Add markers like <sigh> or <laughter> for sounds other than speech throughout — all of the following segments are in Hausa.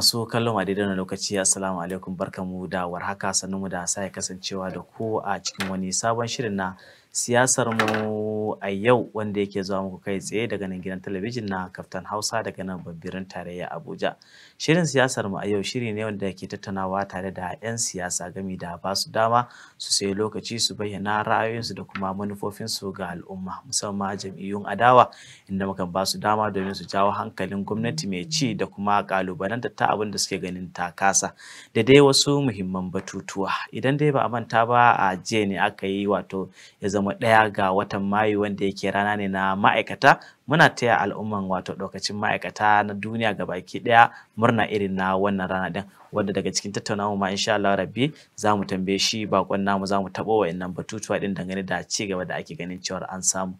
masu kallon a daidai lokaci assalamu alaikum barkamu da warhaka mu da sai kasancewa da ku a cikin wani sabon shirin na siyasar mu a yau wanda yake zuwa muku kai tsaye daga nan gidan talabijin na kaftan hausa daga nan babbirin tarayya abuja shirin siyasar mu a yau shiri ne wanda ke tattaunawa tare da 'yan siyasa gami da basu dama su sai lokaci su bayyana ra'ayoyinsu da kuma manufofinsu ga al'umma musamman jam'iyyun adawa inda muka ba su dama domin su jawo hankalin gwamnati mai ci da kuma kalubalanta ta abin da suke ganin ta kasa da dai wasu muhimman batutuwa idan dai ba a manta ba a jiya ne aka yi wato ya zama ɗaya ga watan mayu wanda yake rana ne na ma'aikata muna taya al'umman wato ɗaukacin ma'aikata na duniya ga baki ɗaya murna irin na wannan rana ɗin wanda daga cikin tattaunawa ma insha Allah rabbi za mu tambaye shi bakon namu za mu taɓo wa'annan batutuwa ɗin dangane da ci gaba da ake ganin cewar an samu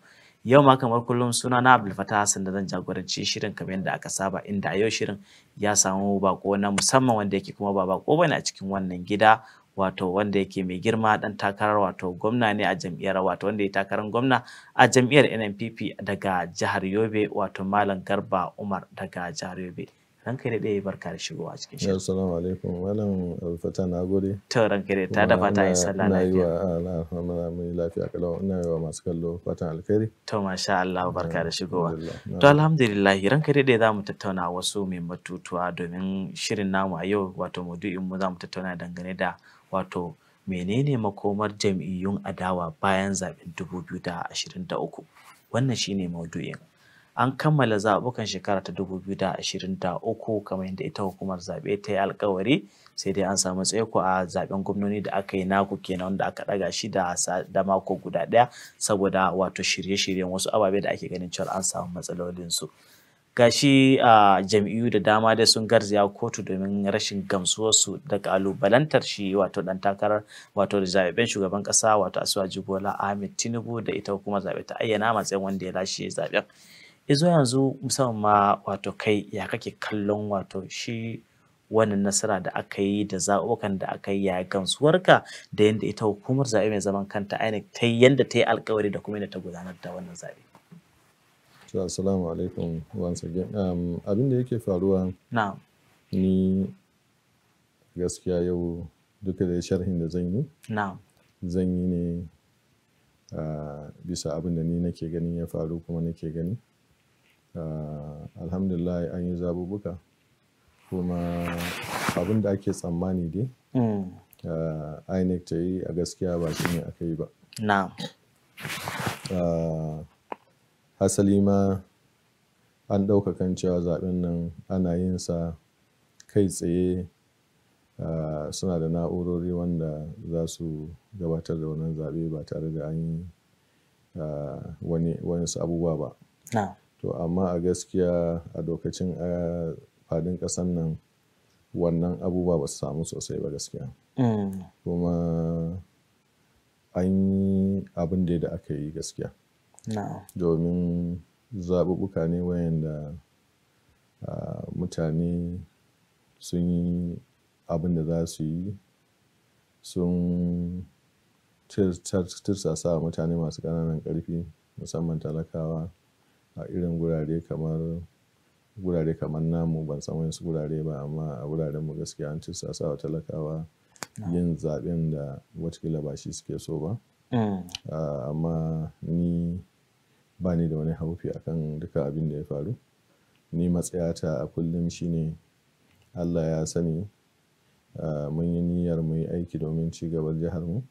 yau ma kamar kullum suna na Abdul Fatah Hassan da zan jagoranci shirin kamar yadda aka saba inda yau shirin ya samu bako na musamman wanda yake kuma ba bako bane a cikin wannan gida wato wanda yake mai girma dan takarar wato gwamna ne a jam'iyyar wato wanda ya takarar gwamna a jam'iyyar NNPP daga jihar Yobe wato Malam Garba Umar daga jihar Yobe ranka da dai barka da shigowa cikin shi. Assalamu alaikum malam Alfata na To ranka da ta da fata yi sallah lafiya. Ah, na yi wa na mun lafiya kala ina yi wa masu kallo fatan alkhairi. To masha Allah barka da shigowa. To alhamdulillah ranka da dai za mu tattauna wasu mai matutuwa domin shirin namu a yau wato maudu'in mu za mu tattauna dangane da wato menene makomar jam'iyyun adawa bayan zaɓen dubu biyu da da ashirin uku? wannan shine maudu'in an kammala zaɓukan shekara ta dubu biyu da da ashirin uku, kamar yadda ita hukumar zaɓe ta yi alkawari sai dai an samu tsaiko a zaɓen gwamnoni da aka yi naku kenan wanda aka ɗaga shi da mako guda ɗaya saboda wato shirye-shiryen wasu ababe da ake ganin cewa an samu matsalolinsu. gashi a jam'iyyu da dama dai sun garzaya kotu domin rashin gamsuwarsu da kalubalantar shi wato dan takarar wato zaɓen shugaban ƙasa wato asuwaji bola ahmed tinubu da ita kuma zaɓe ta ayyana matsayin wanda ya lashe zaɓen izo yanzu musamman ma wato kai ya kake kallon wato shi wannan nasara da aka yi da zaɓuɓɓukan da aka yi ya gamsuwarka da yadda ita hukumar zaɓe mai zaman kanta ainihin ta yadda ta yi alkawari da kuma yadda ta gudanar da wannan zaɓe. To assalamu alaikum once again. Um, abin da yake faruwa ni gaskiya yau duka da sharhin da zan yi. Zan yi ne bisa abin da ni nake gani, ya faru kuma nake gani. Uh, alhamdulillah an yi zabubuka kuma abin da ake tsammani dai. Mm. ta yi a gaskiya ba shi ne aka yi ba. Asali ma an ɗaukakan cewa zaɓen nan ana yin sa kai tsaye suna da na'urori wanda za su gabatar da wannan zaɓe ba tare da an yi wani abubuwa ba to amma a gaskiya a lokacin fadin ƙasan nan wannan abubuwa ba su samu sosai ba gaskiya mm. kuma an yi abin da aka yi gaskiya domin zaɓuɓɓuka ne wayanda mutane sun yi abin da za su yi sun tirsasa wa mutane masu ƙananan ƙarfi musamman talakawa a irin gurare kamar gurare kamar namu ban san su gurare ba amma a wuraren mu gaskiya an tirsasa wa talakawa yin zaɓen da watakila ba shi suke so ba mm. amma ni ba ni da wani haufi akan duka abin da ya faru ni matsayata a kullum shine allah ya sani mun yi niyyar mu yi aiki domin ci gaban jihar mu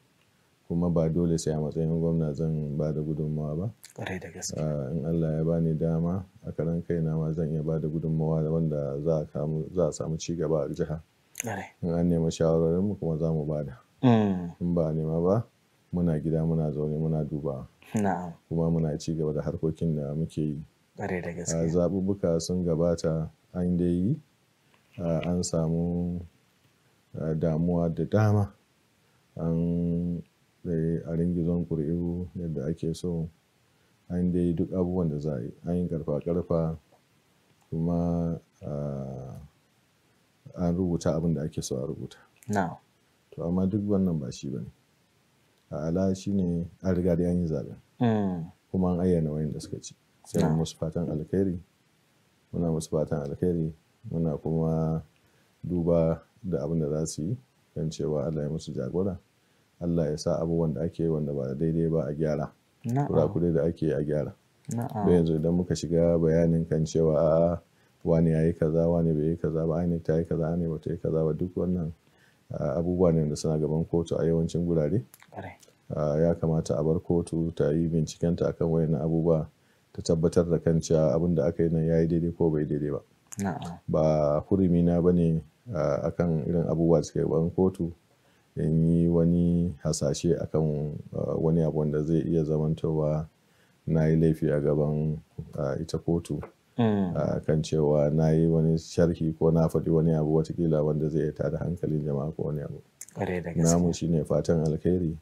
kuma ba dole sai a matsayin gwamna zan ba da gudunmawa ba in allah ya bani dama a karan kai ma zan iya ba da gudunmawa wanda za a samu ci gaba a jiha. in an nema shawararinmu kuma za mu ba mm. in ba nema ba muna gida muna zaune muna dubawa kuma muna ci gaba da harkokin da muke yi ah, zaɓuɓɓuka sun gabata an dai yi ah, an samu ah, damuwa da dama an eh, a ringizon ƙuri'u yadda ake so an dai duk abubuwan da za a yi an yi karfa kuma an rubuta abin da ake so a rubuta to amma duk wannan ba shi ba ne ala shine an riga da an yi zaɓen hmm. kuma an ayyana wayanda suka ci sai mu musu fatan alkhairi muna musu fatan alkhairi muna kuma duba da abin da za su yi don cewa Allah ya musu jagora Allah ya sa abubuwan da ake wanda ba daidai ba a gyara kurakure da ake a gyara don yanzu idan muka shiga bayanin kan cewa a wani ya yi kaza wani bai yi kaza ba ainihin ta yi kaza ne ba ta yi kaza ba duk wannan abubuwa ne da suna gaban kotu a yawancin gurare ya kamata a bar kotu ta yi bincikenta akan wani abubuwa ta tabbatar da kan cewa abin da aka yi nan ya yi daidai ko bai daidai ba ba hurumi na bane akan irin abubuwa da suka gaban kotu in yi wani hasashe akan wani abu wanda zai iya zamantowa na yi laifi a gaban ita kotu Mm. kan cewa na yi wani sharhi ko na faɗi wani abu watakila wanda zai tada hankalin jama'a ko wani abu namu shine fatan alkhairi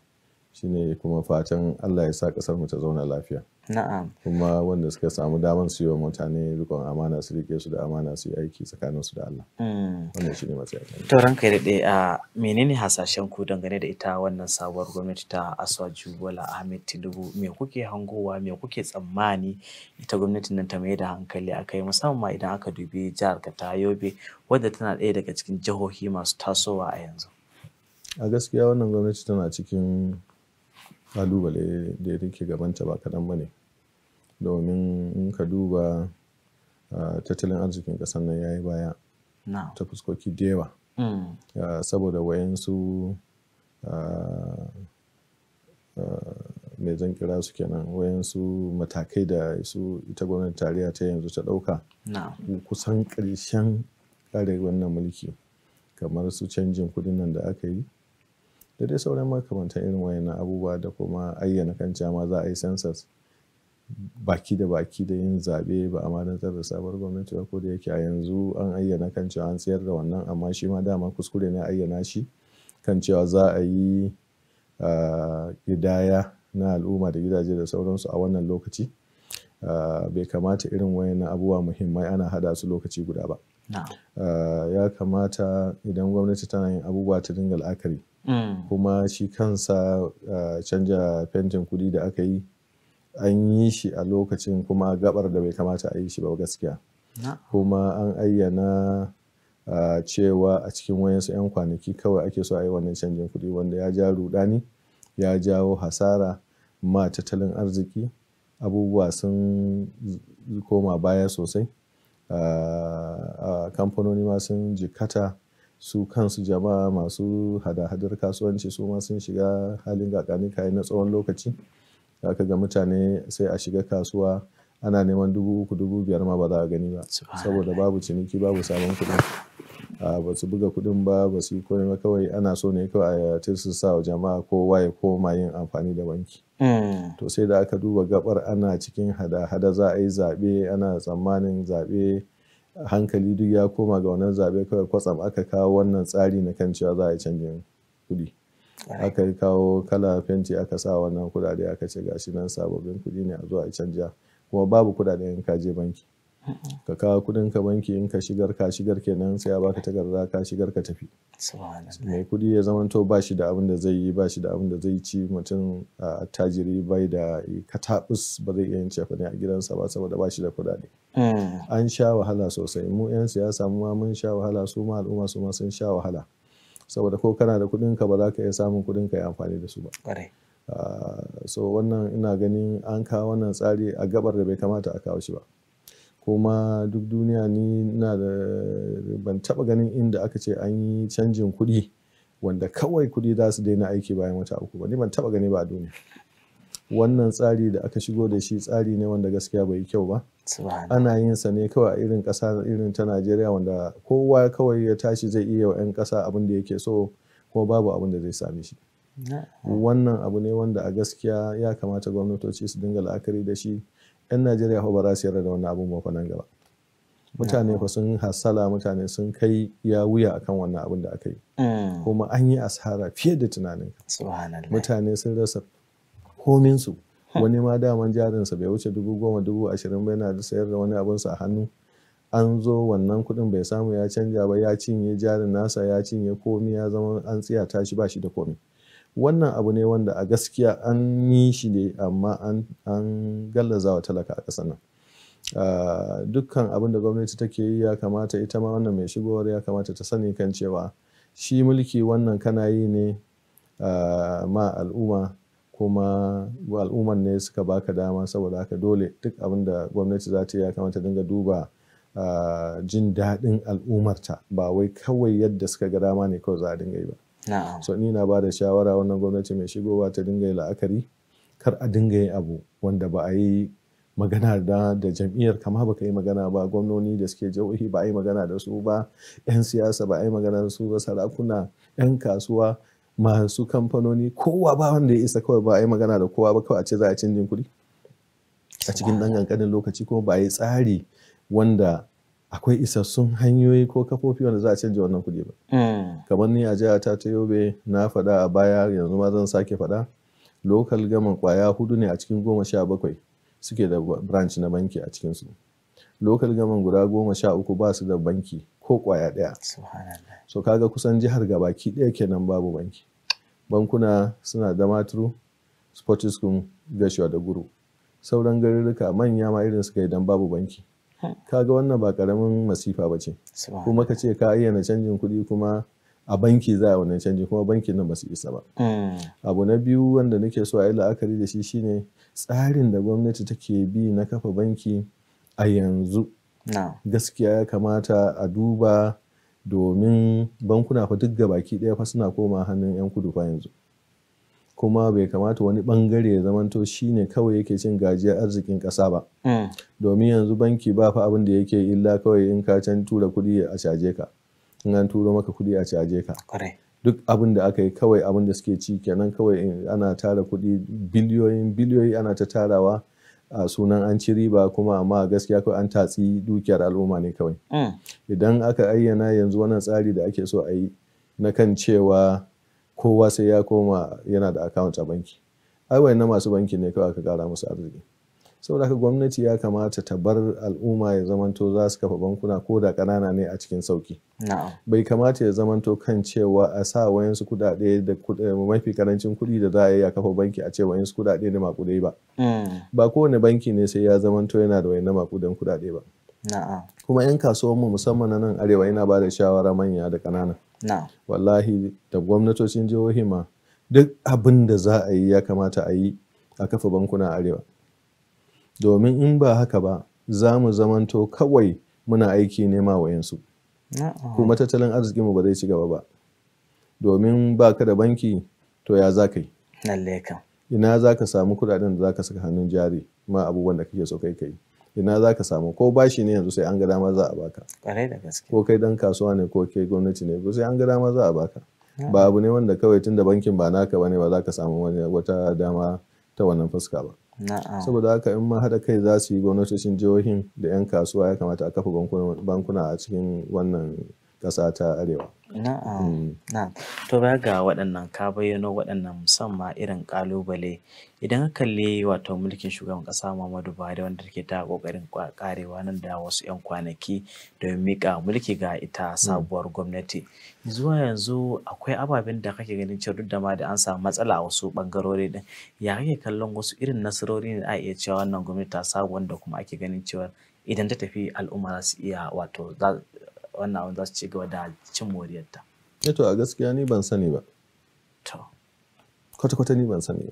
shine kuma fatan allah ya sa ƙasar mu ta zauna lafiya na'am kuma wanda suka samu damar su yi wa mutane rikon amana su rike su da amana su yi aiki tsakanin su da Allah hmm. wannan ne matsayin to ranka da dai a menene hasashen ku dangane da ita wannan sabuwar gwamnati ta Aswaju Bola Ahmed Tinubu me kuke hangowa me kuke tsammani ita gwamnatin nan ta mai da hankali akai musamman idan aka dubi jihar ta Yobe wadda tana ɗaya daga cikin jihohi masu tasowa a yanzu a gaskiya wannan gwamnati tana cikin kalubale da ya rike gabanta ba kaɗan ba ne domin in ka duba tattalin arzikin ƙasar nan ya yi baya ta fuskoki da yawa hmm. saboda wayansu mai zan kira su kenan wayansu matakai da su ita gwamnati tarayya ta yanzu ta ɗauka kusan ƙarshen kare wannan mulki kamar su canjin kudin nan da aka yi da dai sauran makamantan irin wayannan abubuwa da kuma ayyana kan ma za a yi census baki da baki da yin zaɓe ba a madantar da sabuwar gwamnati ba ko da yake a yanzu an ayyana kan cewa an tsayar da wannan amma shi ma dama kuskure ne ayyana shi kan cewa za a yi gidaya na al'umma da gidaje da sauransu a wannan lokaci bai kamata irin wayan abubuwa muhimmai ana hada su lokaci guda ba ya kamata idan gwamnati tana yin abubuwa ta dinga la'akari mm. kuma shi kansa canja fentin kuɗi da aka yi an yi shi a lokacin kuma gabar da bai kamata a yi shi ba gaskiya kuma an ayyana cewa a cikin wayansu 'yan kwanaki kawai ake so a yi wannan canjin kuɗi wanda ya ja rudani ya jawo hasara ma tattalin arziki abubuwa sun koma baya sosai kamfanoni ma sun jikata su kansu jama'a masu hada-hadar kasuwanci su ma sun shiga halin gaƙani kayan na tsawon lokaci za ga mutane sai a shiga kasuwa ana neman dubu uku dubu biyar ma ba za a gani ba saboda babu ciniki babu sabon kuɗin ba su buga kuɗin ba ba su yi ba kawai ana so ne kawai a su sa wa jama'a kowa ya koma yin amfani da banki hmm. to sai da aka duba gabar ana cikin hada-hada za a yi zaɓe ana tsammanin zaɓe hankali duk ya koma ga wannan zaɓe kawai kwatsam aka kawo wannan tsari na kan cewa za a yi canjin kuɗi aka yi kawo kala fenti aka sa wannan kudade aka ce gashi nan sababbin kudi ne a zuwa a canja kuma babu kudade in ka je banki ka kawo kudin ka banki in ka shigar ka shigar kenan sai ya baka takarda ka shigar ka tafi mai kudi ya zamanto ba da abin da zai yi ba da abin da zai ci mutum a tajiri bai da katabus ba zai iya yin cefa ne a gidansa ba saboda ba shi da kudade mm. an sha wahala sosai mu yan siyasa mu ma mun sha wahala su ma al'umma su ma sun sha wahala saboda ko kana da kuɗin ka ba za ka iya samun kuɗin ka yi amfani da su ba ah, so wannan ina ganin an kawo wannan tsari a gabar da bai kamata a kawo shi ba kuma duk duniya ni na da ban taba ganin inda aka ce an yi canjin kuɗi wanda kawai kuɗi za su daina aiki bayan wata uku ba ni ban taba gani ba a duniya wannan tsari da aka shigo da shi tsari ne wanda gaskiya bai yi kyau ba ana yin sa ne kawai a irin kasa irin ta Najeriya wanda kowa kawai ya tashi zai iya wa 'yan kasa abin da yake so ko babu abin da zai sami shi wannan abu ne wanda a gaskiya ya kamata gwamnatoci su dinga la'akari da shi 'yan Najeriya fa ba za su yarda da wannan abun ba nan gaba mutane fa sun hasala mutane sun kai ya wuya akan wannan abun da aka yi mm. kuma an yi asara fiye da tunanin mutane sun rasa kominsu <laughs> wani ma daman jarinsa bai wuce dubu goma dubu ashirin ba yana sayar da wani sa a hannu an zo wannan kuɗin bai samu ya canja ba ya cinye jarin nasa ya cinye komi ya zama an tsiya tashi ba shi da komi wannan abu ne wanda a gaskiya an yi shi ne amma an gallaza wa talaka a ƙasar nan ah, dukkan abin da gwamnati take yi ya kamata ita ma wannan mai shigowar ya kamata ta sani kan cewa shi mulki wannan kana yi ne ah, ma al'umma kuma al'ummar ne suka baka dama saboda haka dole duk abin da gwamnati za ta yi ya kamata dinga duba jin daɗin al'ummarta ba wai kawai yadda suka ga dama ne kawai za a dinga yi ba so ni na bada shawara wannan gwamnati mai shigowa ta dinga yi la'akari kar a dinga yin abu wanda ba a yi magana da da jam'iyyar kama baka yi magana ba gwamnoni da suke jihohi ba a yi magana da su ba 'yan siyasa ba a yi magana da su ba sarakuna 'yan kasuwa masu kamfanoni kowa ba wanda ya isa kawai ba a yi magana da kowa ba kawai a ce za a canjin kuɗi a cikin ɗan ƙanƙanin lokaci kuma ba a yi tsari wanda akwai isassun hanyoyi ko kafofi wanda za a canja wannan kuɗi ba hmm. kamar ni a jiya ta ta yobe na faɗa a baya yanzu ma zan sake faɗa lokal gaman kwaya hudu ne a cikin goma sha bakwai suke da branch na banki a cikinsu lokal gaman guda goma sha uku ba su da banki ko kwaya ɗaya so kaga kusan jihar gabaki daya kenan babu banki bankuna suna da maturu sportiskum gashiwa da guru sauran garuruka manya ma irin suka don babu banki hmm. kaga wannan ba karamin masifa ba ce kuma ka ce ka ayyana canjin kuɗi kuma a banki za a wannan canji kuma bankin nan ba isa ba hmm. abu na biyu wanda nake so a yi la'akari da shi shine tsarin da gwamnati take bi na kafa banki a yanzu gaskiya ya kamata a duba domin bankuna fa duk gabaki ɗaya fa suna koma hannun 'yan kudu fa yanzu kuma bai kamata wani bangare ya zamanto shine kawai yake cin gajiyar arzikin kasa ba mm. domin yanzu banki ba fa abin da yake illa kawai in ka can tura kuɗi a caje ka in an turo maka kuɗi a caje ka duk abin da aka yi kawai abin da suke ci kenan kawai ana tara kuɗi biliyoyin biliyoyi ana ta tarawa a sunan an ci riba kuma amma gaskiya kawai an tatsi dukiyar al'umma ne kawai mm. idan aka ayyana yanzu wannan tsari da ake so a yi na kan cewa kowa sai ya koma yana da account a banki ai na masu banki ne kawai aka kara musu arziki saboda haka gwamnati ya kamata ta bar al'umma ya zamanto za su kafa bankuna ko da ƙanana ne a cikin sauki bai kamata ya zamanto kan cewa a sa wayansu kuɗaɗe da mafi karancin kuɗi da za a yi a kafa banki a ce wayansu kuɗaɗe ne makudai ba mm. ba kowane banki ne sai ya zamanto yana da wayannan makudan kuɗaɗe ba kuma 'yan kasuwanmu musamman na nan arewa yana ba da shawara manya da kanana wallahi da gwamnatocin jihohi ma duk abin da za a yi ya kamata a yi a kafa bankuna a arewa domin in ba haka ba za mu zamanto kawai muna aiki nema wayansu kuma tattalin arzikinmu ba zai ci gaba ba domin ba ka da banki to ya za ka yi ina za ka samu kudaden da za ka saka hannun jari ma abubuwan da kake so kai kai ina za ka samu ko bashi ne yanzu sai an ga dama za a baka ko kai dan kasuwa ne ko kai gwamnati ne sai an ga dama za a baka ba abu ne wanda kawai tun da bankin ba naka ne ba za ka samu wata dama ta wannan fuska ba saboda haka in ma haɗa kai za su yi gwamnatocin jihohin da 'yan kasuwa ya kamata a kafa bankuna a cikin wannan ƙasa ta arewa. Na'am, mm. na'am. To baya ga waɗannan ka bayyano waɗannan musamman irin ƙalubale idan ka kalli wato mulkin shugaban ƙasa Muhammadu Buhari wanda take ta ƙoƙarin ƙarewa nan da wasu 'yan kwanaki domin miƙa mulki ga ita mm. sabuwar gwamnati. Zuwa yanzu akwai ababen da kake ganin cewa duk da ma da an samu matsala a wasu ɓangarori ɗin ya kake kallon wasu irin nasarori ne a iya cewa wannan gwamnati ta sabu wanda kuma ake ganin cewa idan ta tafi al'umma za su iya wato wannan abin za su ci gaba da cin moriyarta. Eto eh a gaskiya ni ban sani ba. To. Kwata-kwata ni ban sani ba.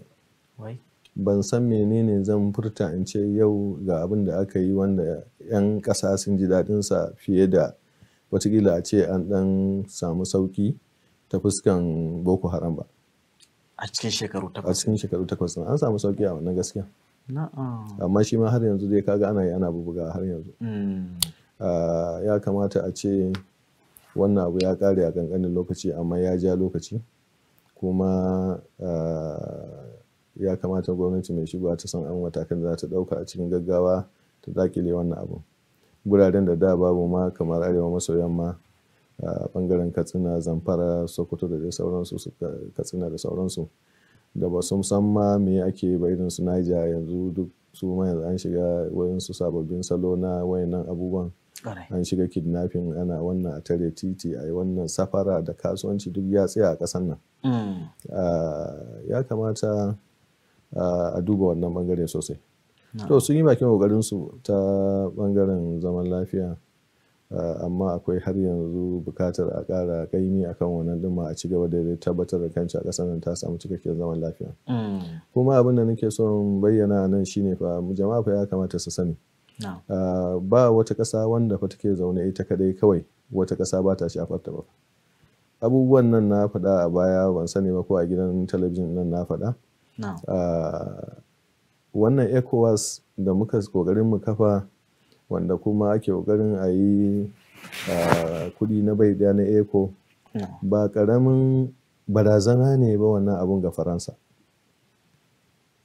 Wai? Ban san menene zan furta in ce yau ga abin da aka yi wanda 'yan ƙasa sun ji sa fiye da watakila a ce an ɗan samu sauƙi ta fuskan Boko Haram ba. A cikin shekaru takwas. A cikin shekaru takwas an samu sauƙi a wannan gaskiya. Amma shi ma har yanzu dai kaga ana yi ana bubuga har yanzu. Mm. ya kamata a ce wannan abu ya kare a ƙanƙanin lokaci amma ya ja lokaci kuma ya kamata gwamnati mai shigowa ta san an matakan za ta ɗauka a cikin gaggawa ta dakile wannan abu guraren da da babu ma kamar arewa maso yamma a bangaren katsina zamfara sokoto da sauransu katsina da sauransu da ba sun san ma me ake ba irin su naija yanzu duk su ma yanzu an shiga wayansu sababbin salo na wayannan abubuwan an shiga kidnapping ana wannan a tare titi a wannan safara da kasuwanci duk ya tsaya a ƙasan nan mm. ah, ya kamata ah, a duba wannan bangare sosai to sun yi bakin kokarin su ta bangaren zaman lafiya ah, amma akwai har yanzu bukatar a ƙara kaimi akan wannan dima a ci gaba da tabbatar da kanci a ƙasar nan ta samu cikakken zaman lafiya mm. kuma abin da nake son bayyana nan shine fa jama'a fa ya kamata su sani Ah, ba wata ƙasa wanda fa take zaune ita kadai kawai wata ƙasa ba ta shafar ta ba abubuwan nan na faɗa a baya ban sani ba ko a gidan talabijin nan na faɗa ah, wannan ecowas da muka ƙoƙarin mu kafa wanda kuma ake ƙoƙarin a yi ah, kuɗi na bai ɗaya na eco ba ƙaramin barazana ne ba wannan abun ga faransa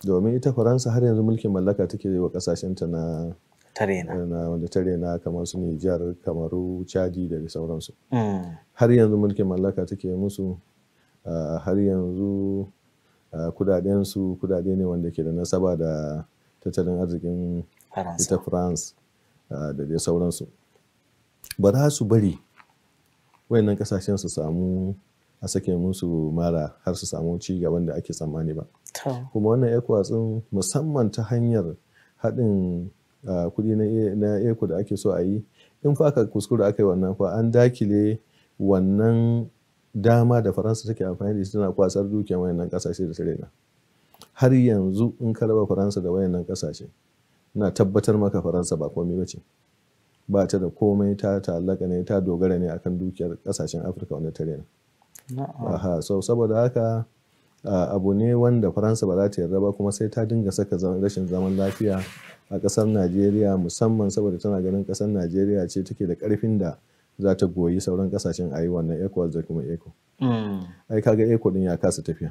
domin ita faransa har yanzu mulkin mallaka take yi wa ƙasashenta na wanda ta kamar su Nijar, Kamaru, Chadi da sauransu. Mm. Har yanzu mulkin mallaka take musu har yanzu su kudade ne wanda ke da nasaba da tattalin arzikin ita France da dai sauransu. Ba za su bari wayannan kasashen su samu a sake musu mara har su samu ci gaban da ake tsammani ba. Kuma wannan ECOWAS musamman ta hanyar haɗin kuɗi na eku da ake so a yi in fa aka kuskura aka yi wannan kuwa an dakile wannan dama da faransa take amfani da shi tana kwasar dukiyar wayannan kasashe da sirena har yanzu in ka raba faransa da wayannan kasashe na tabbatar maka faransa ba komai ba ce ba ta da komai ta ta'allaka ne ta dogara ne akan dukiyar kasashen afirka wanda ta rena aha so saboda haka abu ne wanda faransa ba za ta yarda ba kuma sai ta dinga saka rashin zaman lafiya a ƙasar najeriya musamman saboda tana ganin ƙasar najeriya ce take da ƙarfin da za ta goyi sauran ƙasashen a yi wannan ecowas da kuma eco hmm. ai kaga eco din ya kasa tafiya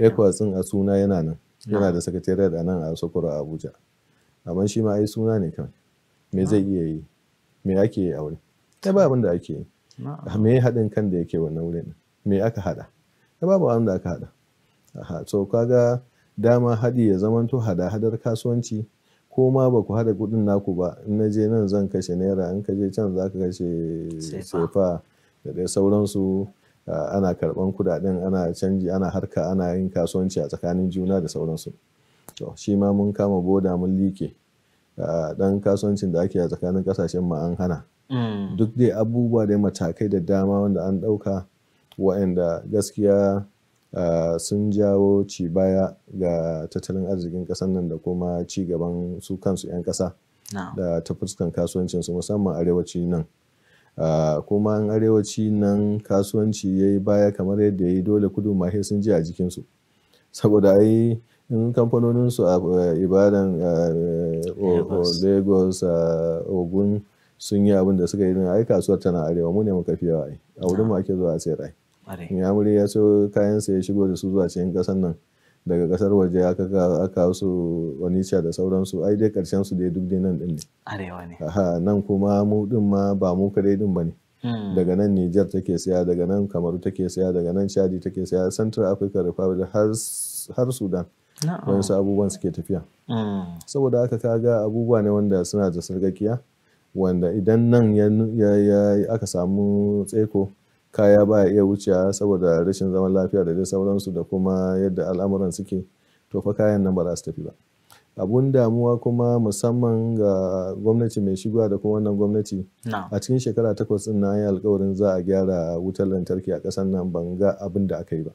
ecowas din a suna yana nan yana da ah. sakatariyar a nan a sokoro a abuja amma shi ma ai suna ne kawai me zai ah. iya yi me ake yi a wurin ta ba hmm. abin da ake yi me haɗin kan da yake wannan wurin me aka haɗa ta babu abin da aka haɗa so kaga dama haɗi ya zamanto hada-hadar kasuwanci ko ma ba ku haɗa kuɗin naku ba in na je nan zan kashe naira in ka je can za ka kashe sefa da dai sauransu ana karɓan kuɗaɗen ana canji ana harka ana yin kasuwanci a tsakanin juna da sauransu to shi ma mun kama boda mun like dan kasuwancin da ake a tsakanin ƙasashen ma an hana mm. duk dai abubuwa da matakai da dama wanda an ɗauka waɗanda gaskiya Ah, sun jawo ci baya ga tattalin arzikin ƙasar nan da kuma ci gaban su kansu 'yan ƙasa da ta fuskan kasuwancin su musamman arewaci nan ah, kuma an arewaci nan kasuwanci ya yi baya kamar yadda ya yi dole kudu mahe sun ji a jikinsu saboda ai in kamfanonin su a eh, ibadan eh, lagos ah, ogun sun yi abin da suka yi ai kasuwar tana arewa mu ne muka fi a wurin mu ake zuwa a sayar yamuri ya so kayansa ya shigo da su zuwa cikin kasar nan daga kasar waje aka aka su onitsha da sauransu ai dai karshen su dai duk dai nan din ne arewa ne nan kuma mu din ma ba mu kare din ba ne hmm. daga nan niger take siya daga nan kamaru take siya daga nan chadi take siya central africa republic har har sudan don su abubuwan suke tafiya hmm. saboda aka kaga abubuwa ne wanda suna da sargakiya wanda idan nan ya aka samu tseko kaya ba iya wucewa saboda rashin zaman lafiya da dai sauransu da kuma yadda al'amuran suke to fa kayan nan ba za su tafi ba abun damuwa kuma musamman ga gwamnati mai shigowa da kuma wannan gwamnati a cikin shekara takwas din na yi alkawarin za a gyara wutar lantarki a ƙasar nan ban ga abin da aka yi ba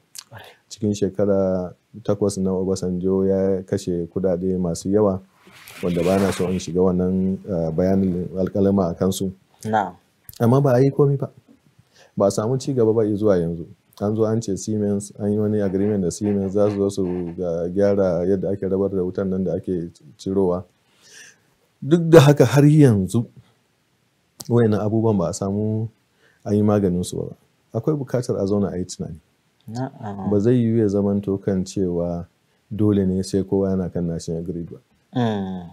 cikin shekara takwas na obasanjo ya kashe kudade masu yawa wanda ba na so in shiga wannan eh, bayanin alkalama a kansu amma ba a yi komi ba ba a samu ci gaba ba zuwa yanzu an zo an ce siemens an yi wani agreement da siemens za su zo su gyara yadda ake rabar da wutan nan da ake cirowa duk da haka har yanzu na abubuwan ba a samu an yi maganin su ba akwai bukatar a zauna a yi tunani ba zai yiwu ya zamanto kan cewa dole ne sai kowa yana kan nashin grid ba mm.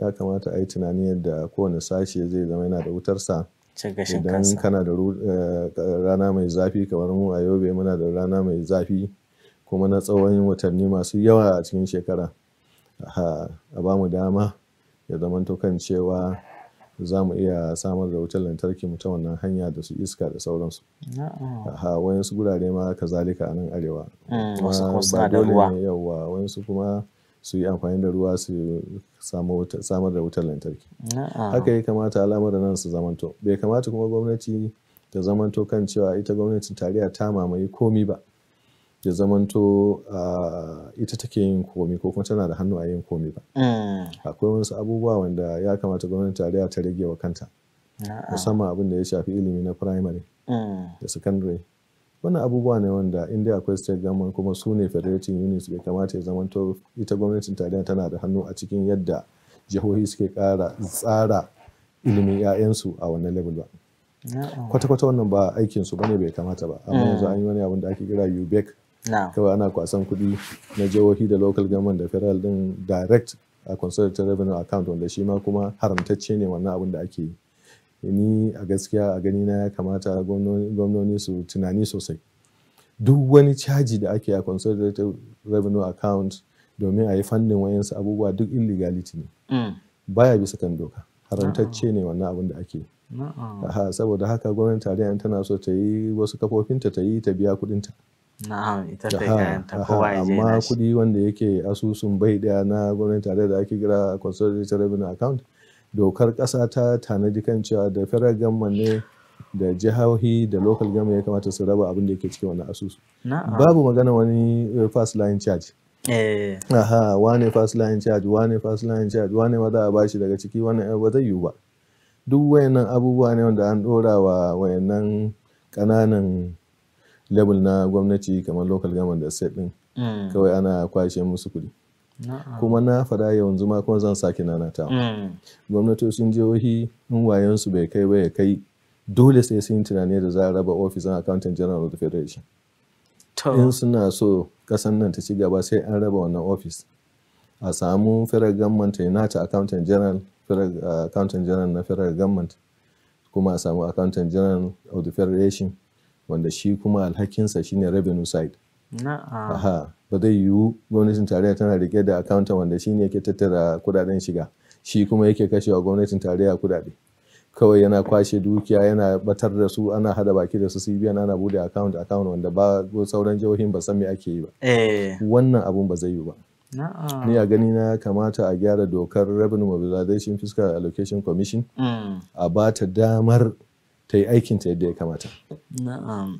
ya kamata a yi tunani yadda kowane sashe zai zama yana da wutarsa idan kana da eh, rana mai zafi kamar mu a yobe muna da rana mai zafi kuma na tsawon watanni masu yawa a cikin shekara a ba mu dama ya zamanto kan cewa za mu iya samar da wutar lantarki mu ta wannan hanya da su iska da sauransu wayan wayansu gurare ma kazalika a nan arewa mm, wasu kuma su yi amfani da ruwa su samar da wutar lantarki haka ya kamata alamar nan su zamanto bai kamata kuma gwamnati ta zamanto kan cewa ita gwamnatin tarayya ta mamaye komi ba ya zamanto ah, ita take yin komi ko kuma tana da hannu a yin komi ba mm. akwai wasu abubuwa wanda ya kamata gwamnatin tarayya ta rage wa kanta musamman abin da ya shafi ilimi na primary mm. da secondary wannan abubuwa ne wanda inda akwai state government kuma su ne federating units bai kamata ya zama to ita gwamnatin tarayya tana da hannu a cikin yadda jihohi suke kara tsara ilimin 'ya'yansu a wannan level ba kwata-kwata wannan ba aikin su bane bai kamata ba amma yanzu mm. an yi wani abin da ake kira UBEC kawai ana kwasan kuɗi na jihohi da local government da federal din direct a consolidated revenue account wanda shi ma kuma haramtacce ne wannan abun da ake yi ni a gaskiya a gani na ya kamata gwamnoni su tunani sosai duk wani caji da ake a consolidated revenue account domin a yi fannin wayansu abubuwa duk illegality ne mm. baya bisa kan doka harantacce ne wannan abin da ake saboda haka gwamnatin tarayya tana so ta yi wasu kafofinta ta yi ta biya kudinta amma kudi wanda yake asusun bai daya na gwamnati da ake kira consolidated revenue account dokar ƙasa ta tanadi kan cewa da federal government ne da jihohi da local government ya kamata su raba abin da yake cikin wannan asusu babu magana wani eh, first line charge eh. aha wane first line charge wane first line charge wane ma za a bashi daga ciki wannan eh, ba zai yiwu ba duk wayannan abubuwa ne wanda an dora wa wayannan kananan level na gwamnati kamar local government da state din mm. kawai ana kwashe musu kuɗi kuma na faɗa yanzu ma kuma zan sake sun mm. gwamnatocin jihohi in su bai kai ba ya kai dole sai sun tunani da za a raba ofisin accountant general of the federation in suna so kasan nan ta ci gaba sai an raba wannan ofis a samu federal government ta nata accountant general ah, accountant general na federal government kuma a samu accountant general of the federation wanda shi kuma alhakinsa shine revenue side na'am ba zai yiwu gwamnatin tarayya tana rike da akawuntan wanda shi ne yake tattara kudaden shiga shi kuma yake kashewa gwamnatin tarayya kudade kawai yana kwashe dukiya yana batar da su ana hada baki da su cbn ana bude account account wanda ba sauran jihohin ba san me ake yi ba eh. wannan abun ba zai yiwu ba ni a gani na kamata a gyara dokar revenue mobilization fiscal allocation commission mm. a ba ta damar ta yi aikinta yadda ya kamata.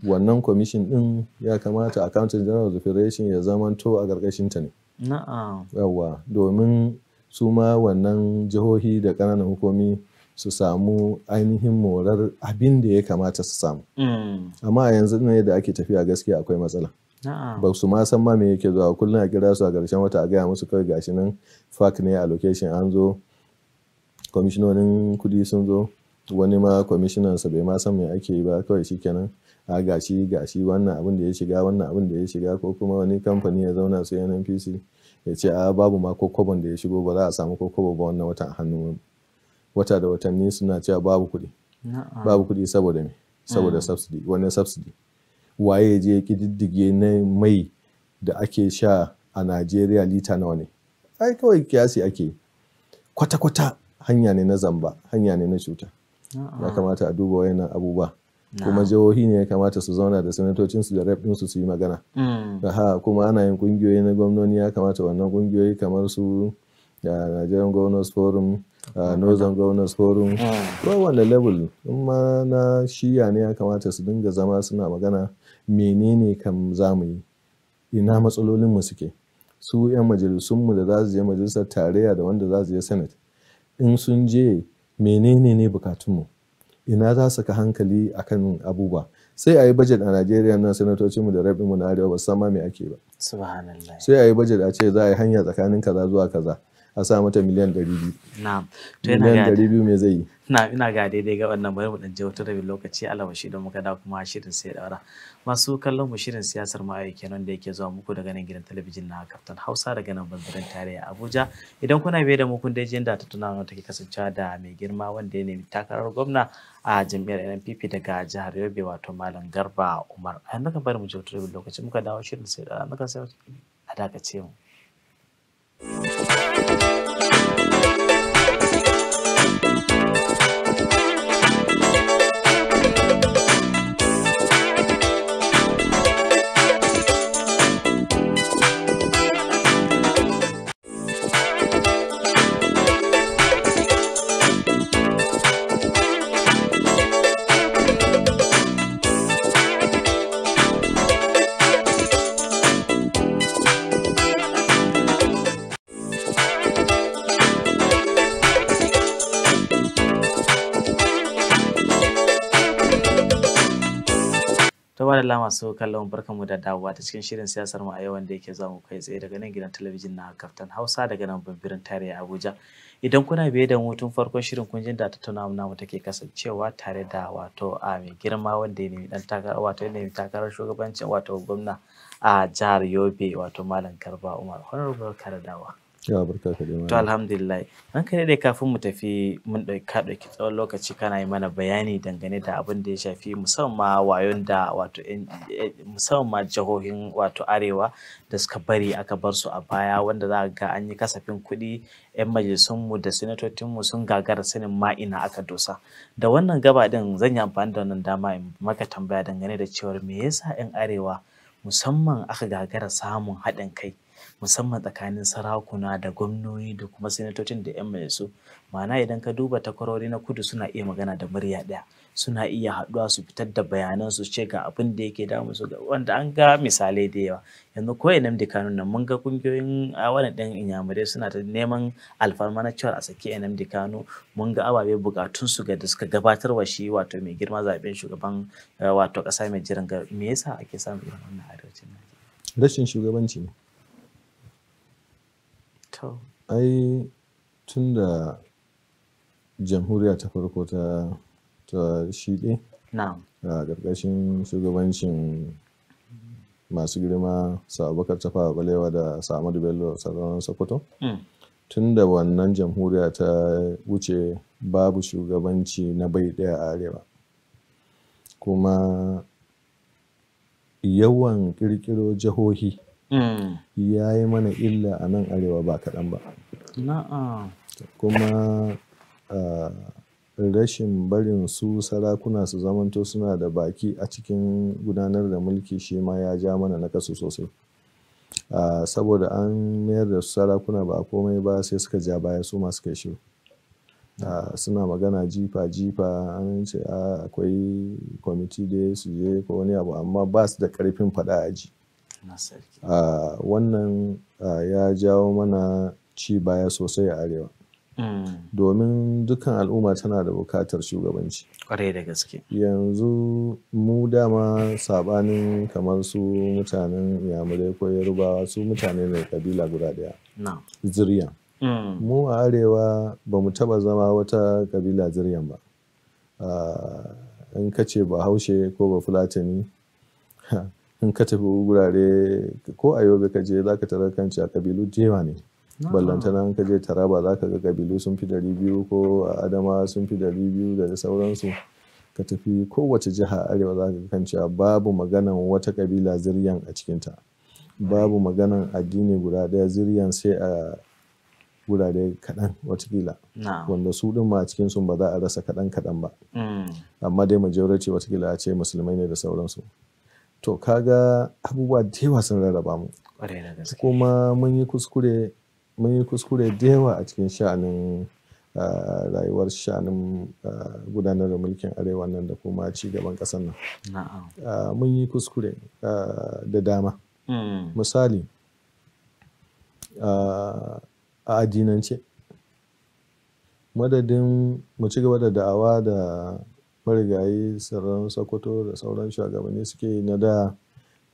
Wannan kwamishin ɗin ya kamata accountant general of the federation ya zamanto a ta ne. Yawwa domin su ma wannan jihohi da ƙananan hukumi su samu ainihin morar abin da ya kamata su samu. Mm. Amma yanzu ne da ake tafiya gaskiya akwai matsala. ba su ma san ma me yake zuwa kullum a kira su a ƙarshen wata a gaya musu kawai gashi nan fak ne a location an zo kwamishinonin kudi sun zo wani ma kwamishinan sa bai ma san mai ake yi ba kawai shikenan a gashi gashi wannan abin da ya shiga wannan abin da ya shiga ko kuma wani kamfani ya zauna su nnpc ya ce a babu ma kokobon da ya shigo ba za a samu kokobo ba wannan wata hannu wata da watanni suna cewa babu kuɗi babu kuɗi saboda me saboda subsidy wani subsidy waye ya je kididdige na mai da ake sha a najeriya lita nawa ne ai kawai kiyasi ake kwata-kwata hanya ne na zamba hanya ne na cuta ya kamata a duba wayannan abubuwa kuma jihohi ne ya kamata su zauna da su da rabin su su yi magana da mm. ha kuma ana yin kungiyoyi na gwamnoni ya kamata wannan kungiyoyi kamar su Nigerian Governors Forum Northern Governors Forum mm. kowane level in ma na shiya ne ya kamata su dinga zama suna magana menene kam zamu yi ina matsalolinmu suke su 'yan majalisunmu da za su je majalisar tarayya da wanda za su je senate in sun je menene ne bukatunmu ina za su ka hankali a kan abubuwa sai a yi bajet a Najeriya nan sanatocin mu da rabin mu na arewa ba san ma me ake ba sai a yi bajet a ce za a yi hanya tsakanin kaza zuwa kaza a sa mata miliyan ɗari biyu. Miliyan ɗari biyu me zai yi? Na ina ga daidai ga wannan bari mu dan je wata rabin lokaci alabashi don muka da kuma shirin sai daura. Masu kallon mu shirin siyasar ma aiki nan da yake zuwa muku daga nan gidan talabijin na Kaftan Hausa daga nan banzaren tarayya Abuja. Idan kuna biye da mu kun dai da ta tunawa take kasancewa da mai girma wanda ya nemi takarar gwamna a jami'ar NPP daga jihar Yobe wato Malam Garba Umar. A yanzu kan bari mu je wata rabin lokaci muka dawo shirin sai daura muka sai a dakace mu. Allah masu kallon barkanmu da dawowa ta cikin shirin siyasar mu a yau wanda yake zamu kai tsaye daga nan gidan talabijin na Kaftan Hausa daga nan bambirin tarayya Abuja. Idan kuna biye da mu tun farkon shirin kun jin da tattaunawa namu take kasancewa tare da wato a mai girma wanda ya dan takara wato ya nemi takarar shugabancin wato gwamna a jihar Yobe wato Malam Garba Umar. Honorable Karadawa. Ya barka ka dai. To alhamdulillah. An kai dai kafin mu tafi mun ka ɗauki tsawon lokaci kana yi mana bayani dangane da abin da ya shafi musamman wayon da wato eh, musamman jihohin wato arewa da suka bari aka bar su a baya wanda za ga an yi kasafin kuɗi 'yan majalisunmu da sinatocinmu sun gagara sanin ma ina aka dosa. Da wannan gaba din zan yi amfani da wannan dama in maka tambaya dangane da cewar me yasa 'yan arewa musamman aka gagara samun haɗin kai. musamman tsakanin sarakuna da gwamnoni da kuma sinatocin da 'yan majalisu ma'ana idan ka duba takwarori na kudu suna iya magana da murya ɗaya suna iya haɗuwa su fitar da bayanan su ce ga abin da yake damu su wanda an ga misalai da yawa yanzu ko nan da kanun nan mun ga kungiyoyin wani ɗan inyamurai suna ta neman alfarma na cewa a saki nan da kano mun ga ababe bukatun su ga da suka gabatar wa shi wato mai girma zaben shugaban wato ƙasa mai jiran ga me yasa ake samun irin wannan arewacin nan. rashin shugabanci ne Ai tun da jamhuriya ta farko ta shiɗe a ƙarƙashin shugabancin masu girma sa abubakar fara balewa da samu bello sauran sokoto hmm. tun da wannan jamhuriya ta wuce babu shugabanci na bai ɗaya a arewa kuma yawan ƙirƙiro jihohi Hmm. ya yi mana illa a nan arewa ba kaɗan ba kuma ah, rashin barin su sarakuna su zamanto suna da baki a cikin gudanar da mulki shi ma ya ja mana na kasu sosai ah, saboda an mayar da su sarakuna ba komai ba sai suka ja baya su masu kai shiru ah, suna magana jifa-jifa an ce akwai kwamiti da su je ko wani abu amma ba su da karfin faɗa a ji wannan ya jawo mana ci baya sosai a arewa hmm. domin dukkan al'umma tana da bukatar shugabanci kwarai da gaske yanzu mu dama sabanin kamar su mutanen yamurai ko yarubawa su mutane ne kabila guda daya zirya hmm. mu a arewa ba mu taba zama wata kabila ziryan ba in ka ce ba haushe ko ba fulatani in ka tafi wurare ko a yobe ka je za ka tara kanci a kabilu jewa ne ah. ballantana in ka je taraba za ka ga kabilu sun fi dari biyu ko a adama sun fi dari biyu da sauransu ka tafi kowace jiha arewa za ka kanci babu maganan wata kabila ziryan a cikinta babu maganan addini guda ɗaya ziryan sai a wurare kaɗan watakila wanda su ɗin ma a cikin sun ba za a rasa kaɗan kaɗan ba mm. amma dai majority watakila a ce musulmai ne da sauransu to kaga abubuwa da yawa sun rarraba mu kuma mun yi kuskure mun da yawa a cikin sha'anin ah, rayuwar sha'anin ah, gudanar da mulkin arewa nan da kuma ci gaban ƙasar nan ah, mun yi kuskure da dama hmm. misali a addinance madadin mu ci gaba da da'awa da marigayi sirran sokoto da sauran shugabanni suke na da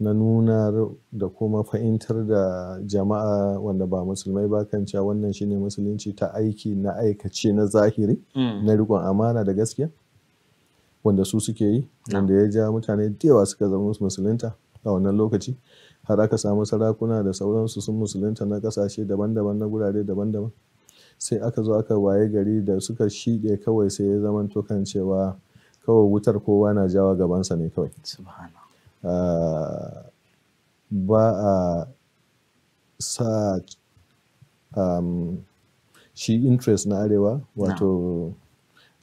na nuna da kuma fahimtar da jama'a wanda ba musulmai ba kan cewa wannan shine musulunci ta aiki na aikace na zahiri mm. na rikon amana da gaskiya wanda su suke yi wanda ya ja mutane da yawa suka zama musulunta a wannan lokaci har aka samu sarakuna da sauransu sun musulunta na kasashe daban-daban na gurare daban-daban sai aka zo aka waye gari da suka shiɗe kawai sai ya zama kan cewa kawai wutar kowa na jawa gabansa ne kawai ah, ba a sa um, shi interest na arewa wato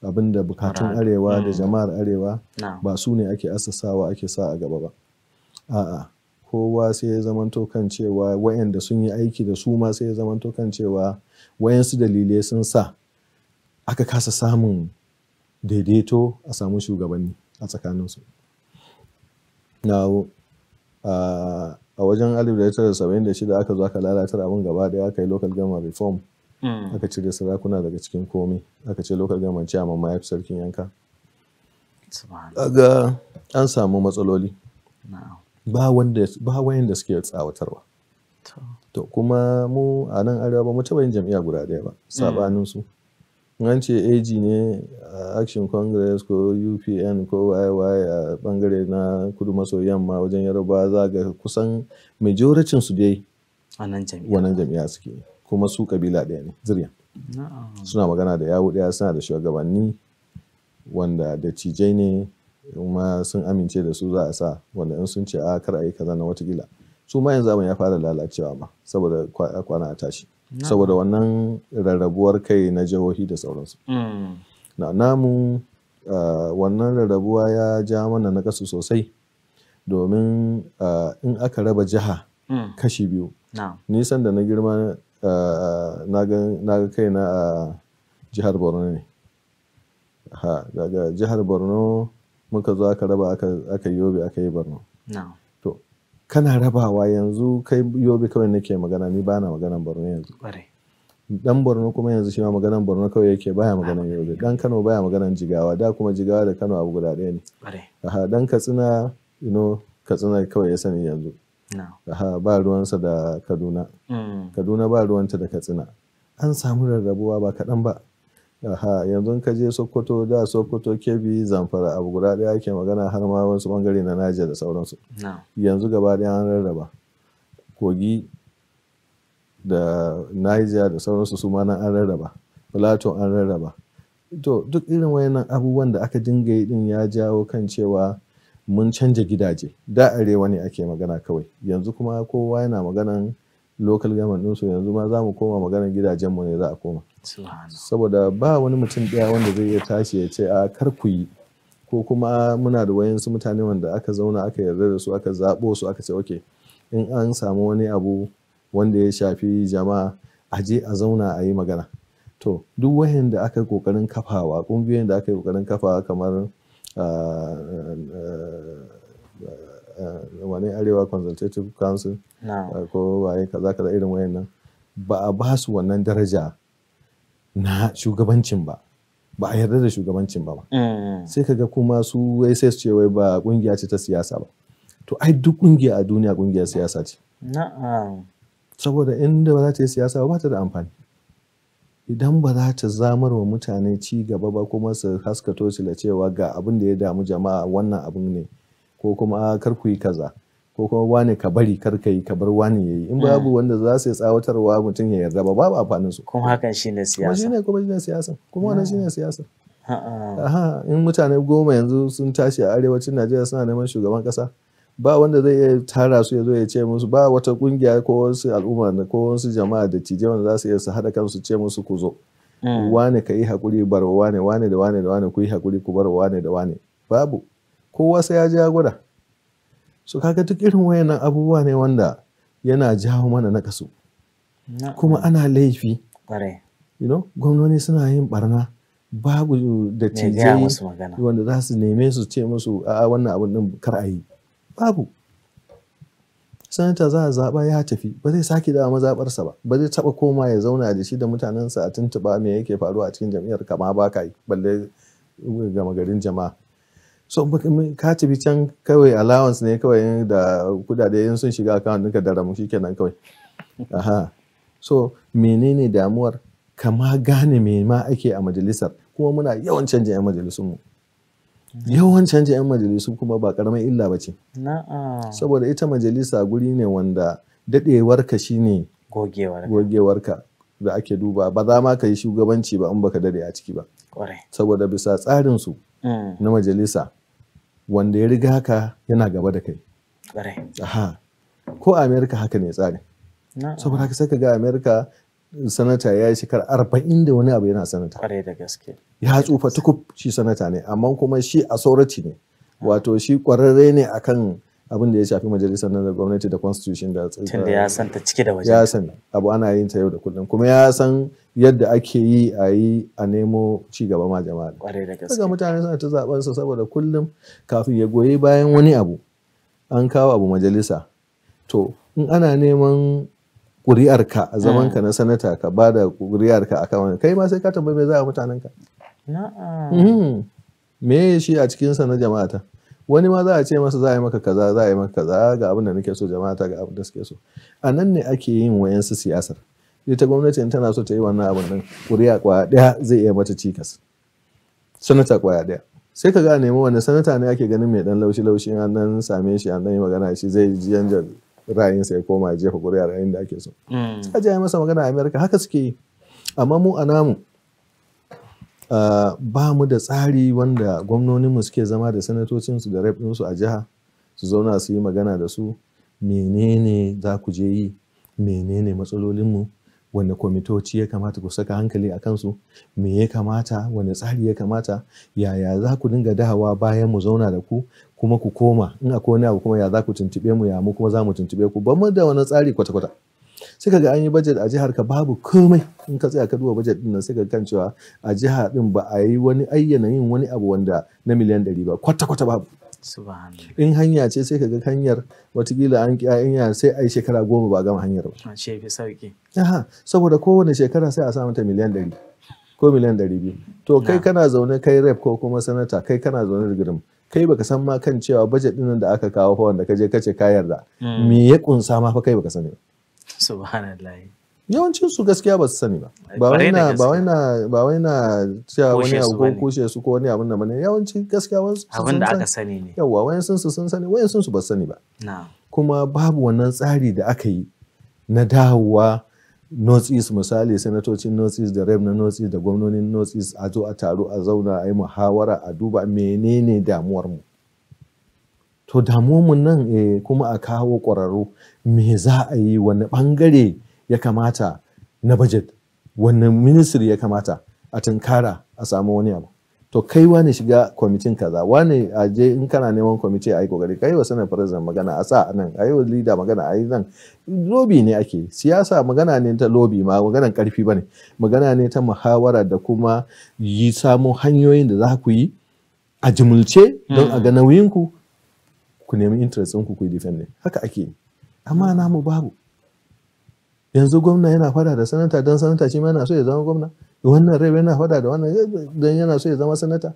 abinda bukatun arewa da mm. jama'ar arewa ba su ne ake asasawa ake sa a gaba ba a'a kowa sai ya zamanto kan cewa wayanda sun yi aiki da su ma sai ya zamanto kan cewa wayansu dalilai sun sa aka kasa samun daidaito a samu shugabanni a tsakaninsu na a wajen 1976 aka zo aka lalatar abin gaba daya aka yi local government reform hmm. aka cire sarakuna daga cikin komai aka ce local government chairman ma fi sarkin yanka ga an samu matsaloli ba wanda suke tsawatarwa to kuma mu a nan arewa ba mu taɓa yin jam'iyya guda ɗaya ba hmm. saɓanin su an ce AG ne a Action Congress ko UPN ko YY a bangare na kudu maso yamma wajen yarba za ga kusan majoricin su dai wannan jami'a suke kuma su kabila ɗaya ne zuriya suna magana da yawu daya suna da shugabanni wanda da cijai ne kuma sun amince da su za a sa wanda in sun ce a kar a yi kaza na watakila su ma yanzu abin ya fara lalacewa ma saboda kwana a tashi saboda wannan rarrabuwar kai na jihohi da sauransu mm. na namu wannan rarrabuwa ya ja mana na kasu sosai domin in aka raba jiha mm. kashi biyu nisan da na girma na ga kai na a jihar borno ne daga jihar borno muka zo aka raba aka yobe aka yi borno kana rabawa yanzu kai yobe kawai nake magana ni bana maganan borno yanzu dan borno kuma yanzu shi ma maganan borno kawai yake baya maganan yobe dan kano baya maganan jigawa da kuma jigawa da kano abu guda ɗaya ne aha dan katsina you know katsina kawai ya sani yanzu aha ba ruwansa da kaduna mm. kaduna ba ruwanta da katsina an samu rarrabuwa ba kaɗan ba aha yanzu ka je sokoto da sokoto kebi zamfara abu guda ɗaya ake magana har ma wasu bangare na naija da sauransu yanzu gaba ɗaya an rarraba kogi da niger da sauransu su ma nan an rarraba plato an rarraba to duk irin wayannan abubuwan da aka dinga yi din ya jawo kan cewa mun canja gidaje da arewa ne ake magana kawai yanzu kuma kowa yana maganan local government ɗinsu yanzu ma za mu koma maganar gidajenmu ne za a koma saboda ba wani mutum ɗaya wanda zai iya tashi ya ce a kar ku yi ko kuma muna da wayansu mutane wanda aka zauna aka yarda da su aka zaɓo su aka ce oke in an samu wani abu wanda ya shafi jama'a a je a zauna a yi magana to duk wayan da aka kokarin kafawa ƙungiyoyin da aka yi kokarin kafawa kamar ah, ah, ah, Eh, Wani arewa consultative council eh, ko waye kaza kaza irin wayannan ba a ba su wannan daraja na shugabancin ba ba a yarda da shugabancin ba mm. sai kaga kuma su wai ce wai ba kungiya ce ta siyasa ba to ai duk kungiya a duniya kungiyar siyasa ce saboda inda ba za ta yi siyasa ba ta da amfani idan ba za ta zamar wa mutane ci gaba ba kuma su haska da cewa ga abin da ya damu jama'a wannan abin ne ko kuma ah, kar ku yi kaza ko kuma wane ka bari kar ka yi ka bar wani ya yi in hmm. babu wanda za su yi tsawatarwa mutum ya yarda ba babu amfanin su kuma hakan shine siyasa kuma ne kuma shine siyasa kuma wannan ne hmm. siyasa aha in mutane goma yanzu sun tashi a arewacin Najeriya suna neman shugaban kasa ba wanda zai iya tara su ya zo ya ce musu ba wata kungiya ko wasu al'umma ko wasu jama'a da tije wanda za su iya su haɗa kansu ce musu ku zo hmm. wane ka yi hakuri bar wane wane da wane da wane ku yi hakuri ku bar wane da wane babu kowa sai ya je a gwada so kaga duk irin wayannan abubuwa ne wanda yana jawo mana na kaso kuma ana laifi you know gwamnoni suna yin barna babu da wanda za su neme su ce musu a wannan abin din kar a yi babu sanata za a zaɓa ya tafi ba zai sake dawa mazaɓarsa ba ba zai taba koma ya zauna da shi da mutanensa a tuntuɓa me yake faruwa a cikin jam'iyyar kama ba ka balle gama garin jama'a so ka can kawai allowance ne kawai da kudade in sun shiga account nuka da ramu kenan kawai <laughs> aha so menene damuwar kama gane me ma ake a majalisar kuma muna yawan canja 'yan majalisunmu yawan canja 'yan majalisu kuma ba karamar illa ba ce saboda ita majalisa guri ne wanda daɗewarka shine. ne gogewarka da ake duba ba za ma ka yi shugabanci ba in baka dade a ciki ba saboda bisa tsarin tsarinsu mm. na majalisa wanda ya riga haka yana gaba da kai aha ko a haka ne tsari saboda haka sai ga Amerika sanata ya yi shekar arba'in da wani abu yana sanata da gaske ya tsufa tukub shi sanata ne amma kuma shi a sauraci ne wato shi kwararre ne akan abin da ya shafi majalisar nan da gwamnati da constitution da tunda ya san ta cike da waje ya san abu ana yin ta yau da kullum kuma ya san yadda ake yi a yi a nemo ci gaba ma jama'a kwarai da gaske mutane suna ta zaɓar sa saboda kullum kafin ya goyi bayan wani abu an kawo abu majalisa to in ana neman ƙuri'arka a zamanka hmm. na sanata ka ba da ƙuri'arka a kan kai ma sai ka tambayi me za a mutanenka na'am hmm. me shi a cikinsa na jama'a ta wani ma za a ce masa za a yi maka kaza za a yi maka kaza ga abin da nake so jama'a ta ga abin da suke so a nan ne ake yin wayansu siyasar ita gwamnati in tana so ta yi wannan abin nan kuriya kwaya daya zai iya mata cikas sanata kwaya daya sai ka ga nemi wani sanata ne ake ganin mai dan laushi laushi an nan same shi an nan yi magana shi zai ji yanja ra'ayin sai koma jefa kuriya ra'ayin da ake so mm. a ji masa magana a Amerika haka suke yi amma mu a namu Eh, ba mu da tsari wanda gwamnoninmu suke zama da sanatocinsu da rep su a jiha su zauna su yi magana da su menene za ku je yi menene matsalolinmu wanda kwamitoci ya kamata ku saka hankali a kansu me ya kamata wanda tsari ya kamata yaya za ku dinga dahawa bayan mu zauna da ku kuma ku koma in akwai wani abu kuma ya za ku tuntuɓe mu ya mu kuma za mu tuntuɓe ku ba mu da wani tsari kwata-kwata sai ga an yi bajet a jihar ka babu komai in ka tsaya ka duba bajet din nan sai ka kan cewa a jiha din ba a yi wani ayyana yin wani abu wanda na miliyan ɗari ba kwata kwata babu in hanya ce sai kaga hanyar watakila an ki hanya sai a yi shekara goma ba gama hanyar ba ce fi sauki aha saboda kowane shekara sai a sa mata miliyan ɗari ko miliyan ɗari biyu to kai kana zaune kai rep ko kuma sanata kai kana zaune rigirim kai baka san ma kan cewa budget din da aka kawo fa wanda kaje kace ka yarda hmm. me ya kunsa ma fa kai baka sani ba <laughs> subhanallah yawancin su gaskiya ba su sani ba ba wai na ba wai na cewa wani abu ko kushe su ko wani abin da bane yawanci gaskiya wasu abin da aka sani ne yawa wayan sun su sun sani wayan sun su ba sani ba kuma babu wannan tsari da aka yi na dawowa north east misali sanatocin north east da rem na north east da gwamnonin north east a zo a taro a zauna a yi muhawara a duba menene damuwar mu to damuwanmu nan eh, kuma a kawo ƙwararru me za a yi wani ɓangare ya kamata na budget wani ministry ya kamata a tunkara a samu wani abu to kai wani shiga kwamitin kaza wani aje in kana neman kwamiti a yi kokari kai wa sanar president magana a sa nan a yi wa leader magana a yi nan lobi ne ake siyasa magana ne ta lobi ma maganan karfi ba ne magana ne ta muhawara da kuma yi samo hanyoyin da za ku yi a jimulce don a ga mm. nauyinku ku nemi interest ɗinku ku yi ne. haka ake amma namu babu yanzu gwamna yana fada da sanata don sanata shi ma yana so ya zama gwamna wannan rai yana fada da wannan don yana so ya zama sanata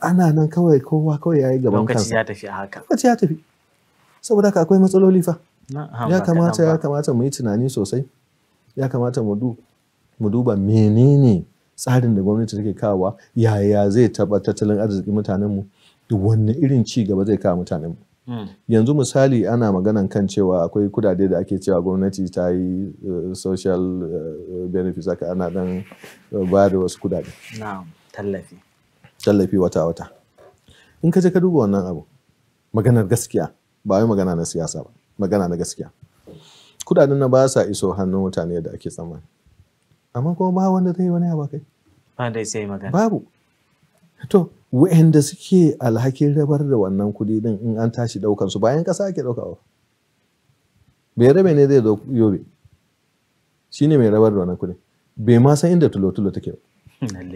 ana nan kawai kowa kawai ya yi gaban kansa lokaci ya tafi a haka lokaci ya tafi saboda haka akwai matsaloli fa ya kamata ya kamata mu yi tunani sosai ya kamata mu duba menene tsarin da gwamnati take kawa yaya zai taɓa tattalin arzikin mutanenmu wanne irin ci gaba zai kawo mutanenmu yanzu misali ana maganan kan cewa akwai kudade da ake cewa gwamnati ta yi eh, social eh, benefits aka ana dan eh, bayar da wasu kudade tallafi tallafi wata-wata in ka je ka duba wannan abu maganar gaskiya ba wai magana na siyasa ba magana na gaskiya kudaden na ba sa iso hannun mutane da ake tsammani amma kuma ba wanda zai wani abu kai ba dai sai magana babu to wa'anda suke alhakin rabar da wannan kuɗi din in an tashi ɗaukan su bayan ƙasa ake ɗaukawa bai rabe ne zai zo yobe shi ne mai rabar da wannan kuɗi? bai ma san inda tulo-tulo take ba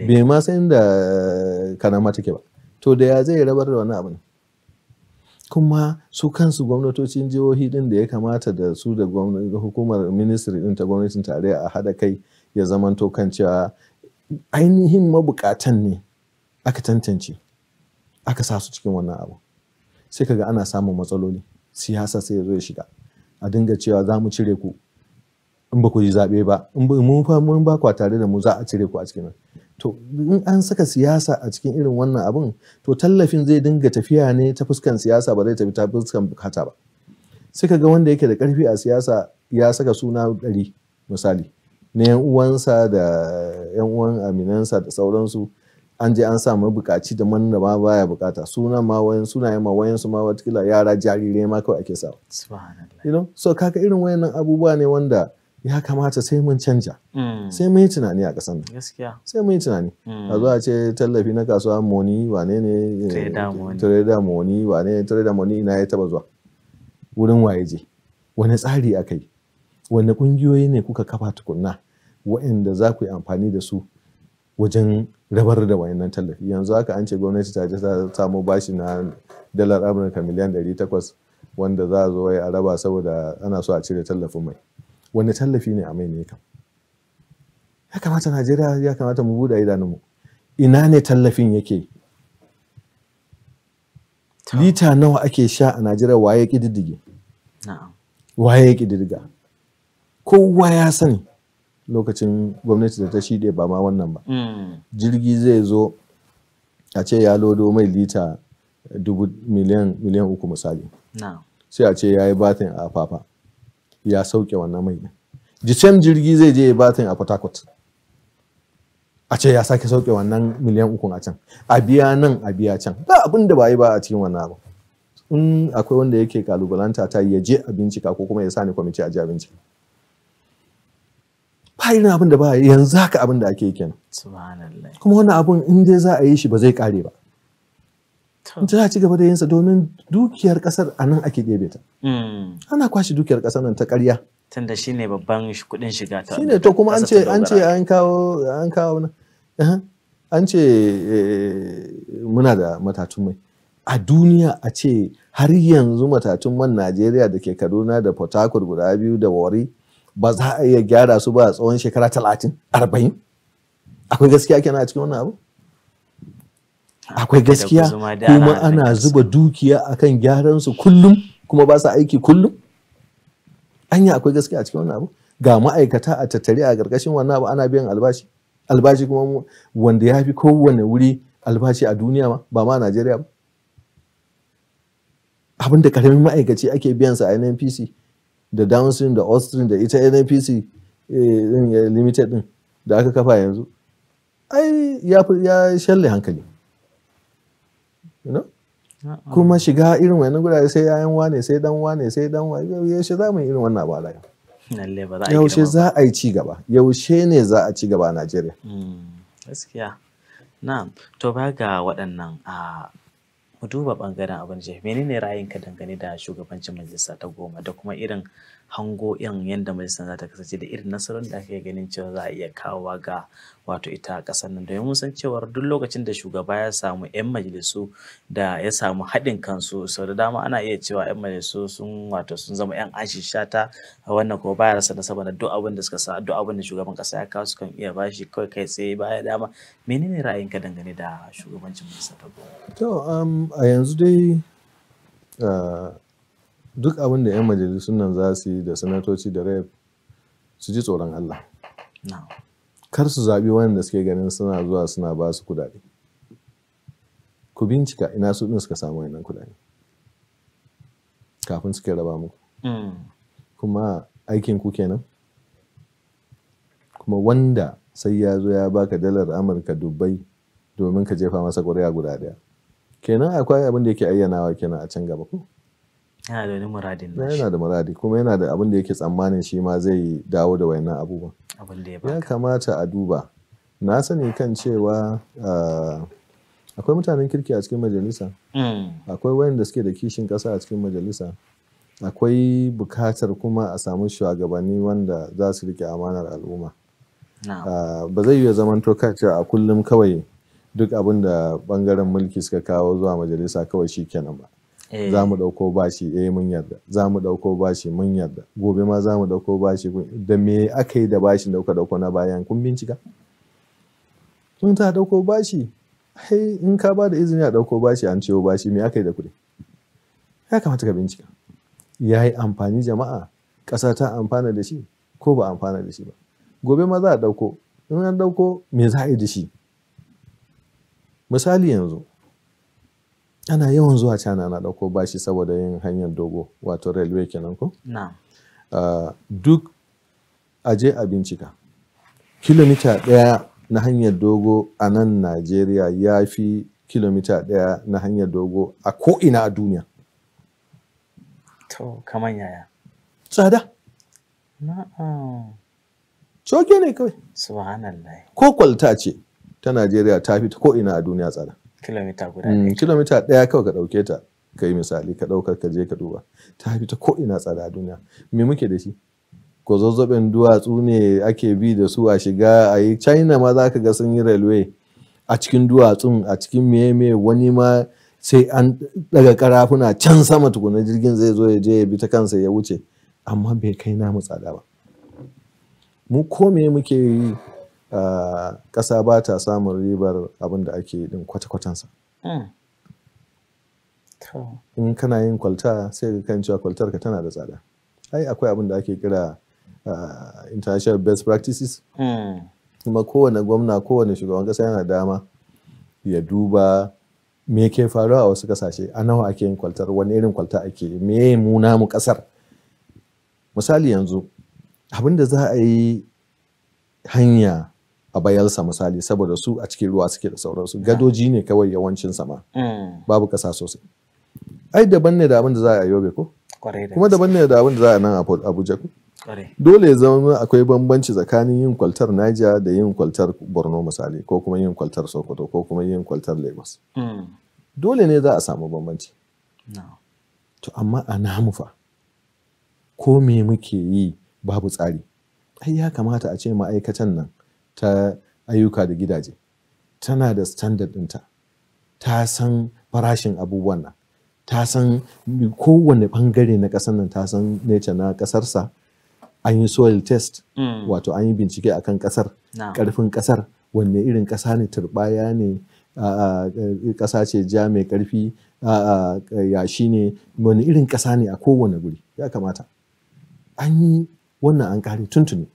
bai ma san inda eh, kanama take ba to da ya zai rabar da wannan abin kuma su kansu gwamnatocin jihohi din da ya kamata da su da hukumar ministry din ta gwamnatin tarayya a hada kai ya zamanto kan cewa ainihin mabukatan ne aka tantance aka sa su cikin wannan abu sai kaga ana samun matsaloli siyasa sai ya zo ya shiga a dinga cewa za mu cire ku in ba ku yi zaɓe ba in mun fa mun ba tare da mu za a cire ku a cikin nan to in an saka siyasa a cikin irin wannan abun to tallafin zai dinga tafiya ne ta fuskan siyasa ba zai tafi ta fuskan bukata ba sai kaga wanda yake da karfi a siyasa ya saka suna ɗari misali na yan uwansa da yan uwan aminansa da sauransu an je an sa bukaci da da ma baya bukata suna ma wayan suna ma wayan su ma watakila yara jarirai ma kawai ake sa you know so kaka irin wayannan abubuwa ne wanda ya kamata sai mun canja mm. sai mun yi tunani a kasan gaskiya sai mun yi tunani mm. a zuwa ce tallafi na kasuwa moni wane ne trader moni wane ne trader moni ina ya taba zuwa wurin waye je wani tsari akai wani kungiyoyi ne kuka kafa tukunna waɗanda za ku yi amfani da su wajen rabar da wayannan tallafi yanzu haka an ce gwamnati ta je ta samu bashi na dalar amurka miliyan 800 wanda za a zo wai a raba saboda ana so a cire tallafin mai wani tallafi ne a mai ne kam ya kamata najeriya ya kamata mu buɗe idanunmu ina ne tallafin yake lita nawa ake sha a najeriya waye ƙididdige waye ƙididdiga kowa ya sani lokacin gwamnati da ta shiɗe ba ma wannan ba hmm. jirgi zai zo a ce ya lodo mai lita dubu miliyan miliyan uku misali sai a ce ya yi batin a fafa ya sauke wannan mai jicen jirgi zai je ya batin a port harcourt a ce ya sake sauke wannan miliyan uku a can a biya nan a biya can ba abin da ba yi ba a cikin wannan ba? in akwai wanda yake kalubalanta ta ya je a bincika ko kuma ya sa ni kwamiti a je a bincika ba irin abin da ba yanzu haka abin da ake yi kenan kuma wannan abin in dai za a yi shi ba zai kare ba ta za a ci gaba da yinsa domin dukiyar kasar a nan ake ɗebe ta hmm. ana kwashe dukiyar kasar nan ta ƙarya tunda shi ne babban kuɗin shiga ta shine to kuma an ce an ce an kawo an kawo na an ce eh, muna da matatun mai a duniya a ce har yanzu matatun man Najeriya da ke Kaduna da Port Harcourt guda biyu da Wari ba za a iya gyara su ba a tsawon shekara talatin arba'in akwai gaskiya kenan a cikin wannan abu akwai gaskiya kuma ana zuba dukiya akan gyaran su kullum kuma ba su aiki kullum anya akwai gaskiya a cikin wannan abu ga ma'aikata a tattare a ƙarƙashin wannan abu ana biyan albashi albashi kuma wanda ya fi kowane wuri albashi a duniya ma ba ma a Najeriya ba abin da karamin ma'aikaci ake biyan sa a NNPC. da downstream da upstream da ita nnpc eh, eh, limited din da aka kafa yanzu ai ya shalle hankali kuma shiga irin wannan gurare sai yayan wane sai dan wane sai dan wane yaushe za mu irin wannan abu a yaushe za a yi ci gaba yaushe ne za a ci gaba a najeriya hmm, gaskiya na to ba ga waɗannan a ah, mu duba ɓangaren abin jihar menene ra'ayinka dangane da shugabancin majalisa ta goma da kuma irin hango yan yadda majalisar za ta kasance da irin nasarar da ake ganin cewa za a iya kawowa ga wato ita ƙasar nan domin mun san cewar duk lokacin da shugaba ya samu yan majalisu da ya samu haɗin kansu sau da dama ana iya cewa yan majalisu sun wato sun zama yan ashi shata wannan kuma baya rasa nasaba da duk abin da suka sa duk abin da shugaban kasa ya kawo sukan iya bashi kawai kai tsaye baya dama menene ra'ayinka dangane da shugabancin majalisar ta to um, a yanzu dai uh, duk abin da 'yan majalisun nan za su yi da sanatoci da rep su ji tsoron Allah kar su zaɓi wanda suke ganin suna zuwa suna ba su kudade ku bincika ina su ɗin suka samu wannan kudade kafin suke raba mu mm. kuma aikin ku kenan kuma wanda sai ya zo ya baka dalar amurka Dubai domin ka jefa masa ƙuri'a guda ɗaya kenan akwai abin da yake ayyanawa kenan a can gaba ko yana da wani muradin nashi yana da muradi kuma yana da abin da yake tsammanin shi ma zai dawo da wayannan abubuwan abin ya kamata a duba na sani kan cewa ah, akwai mutanen kirki a cikin majalisa mm. akwai wayanda suke da kishin kasa a cikin majalisa akwai bukatar kuma a samu shugabanni wanda za su rike amanar al'umma ah, ba zai iya zaman to a kullum kawai duk abin da bangaren mulki suka kawo zuwa majalisa kawai shi kenan ba Eh. za mu ɗauko bashi yi eh, mun yarda za mu ɗauko bashi mun yarda gobe ma za mu ɗauko bashi da me aka yi da bashin da kuka ɗauko na bayan kun bincika kun ta ɗauko bashi ai in ka ba da izini a ɗauko bashi an ciwo bashi me aka yi da kuɗi ya kamata ka bincika ya yi amfani jama'a ƙasa ta amfana da shi ko ba amfana da shi ba gobe ma za a ɗauko in an ɗauko me za a yi da shi misali yanzu ana yawan zuwa cana na dauko bashi saboda yin hanyar dogo wato railway kenan ko? Na. Ah, duk aje a bincika kilomita daya na hanyar dogo a nan najeriya ya fi kilomita daya na hanyar dogo a ko'ina a duniya to kaman yaya tsada na'am coke ne kawai subhanallah ko kwalta ce ta najeriya ta fi ko'ina a duniya tsada kilomita guda mm, kilomita ɗaya kawai ka ɗauke ta ka yi misali ka ɗaukar ka je ka duba ta fi ta ko ina tsada a duniya me muke da shi ko zazzaɓin duwatsu ne ake bi da su a shiga a yi china ma za ka ga sun yi railway a cikin duwatsun a cikin meme wani ma sai an daga karafuna can sama tukuna jirgin zai zo ya je ya bi ta kansa ya wuce amma bai kai namu tsada ba mu ko me muke yi ƙasa ba ta samun ribar abin da ake din kwata-kwatansa. Hmm. In kana yin kwalta sai ka kan cewa kwaltar ka tana da tsada. Ai akwai abin da ake kira international best practices. Hmm. Kuma kowane gwamna kowane shugaban ƙasa yana dama ya duba me ke faruwa a wasu ƙasashe a nawa ake yin kwaltar wani irin kwalta ake yi me mu namu ƙasar. Misali yanzu abin da za a yi hanya a bayelsa misali saboda su a cikin ruwa suke da sauransu gadoji ne kawai yawancin sama mm. babu kasa sosai ai daban ne da abin da za a yobe ko kuma daban ne da abin da za a nan a abuja ko dole ya zama akwai bambanci tsakanin yin kwaltar niger da yin kwaltar borno misali ko kuma yin kwaltar sokoto ko kuma yin kwaltar lagos mm. dole ne za a samu bambanci to amma a namu fa ko me muke yi babu tsari ai ya kamata a ce ma'aikatan nan ta ayyuka da gidaje tana da standard ɗinta ta san farashin abubuwan nan ta san kowane bangare na ƙasar nan ta san nature na ƙasarsa an yi soil test mm. wato an yi bincike akan ƙasar ƙarfin kasar ƙasar wanne irin ƙasa ne ya ne eh, ƙasa ce ja mai ƙarfi eh, yashi ne wani irin ƙasa ne a kowane guri ya kamata an yi wannan an ƙare tuntuni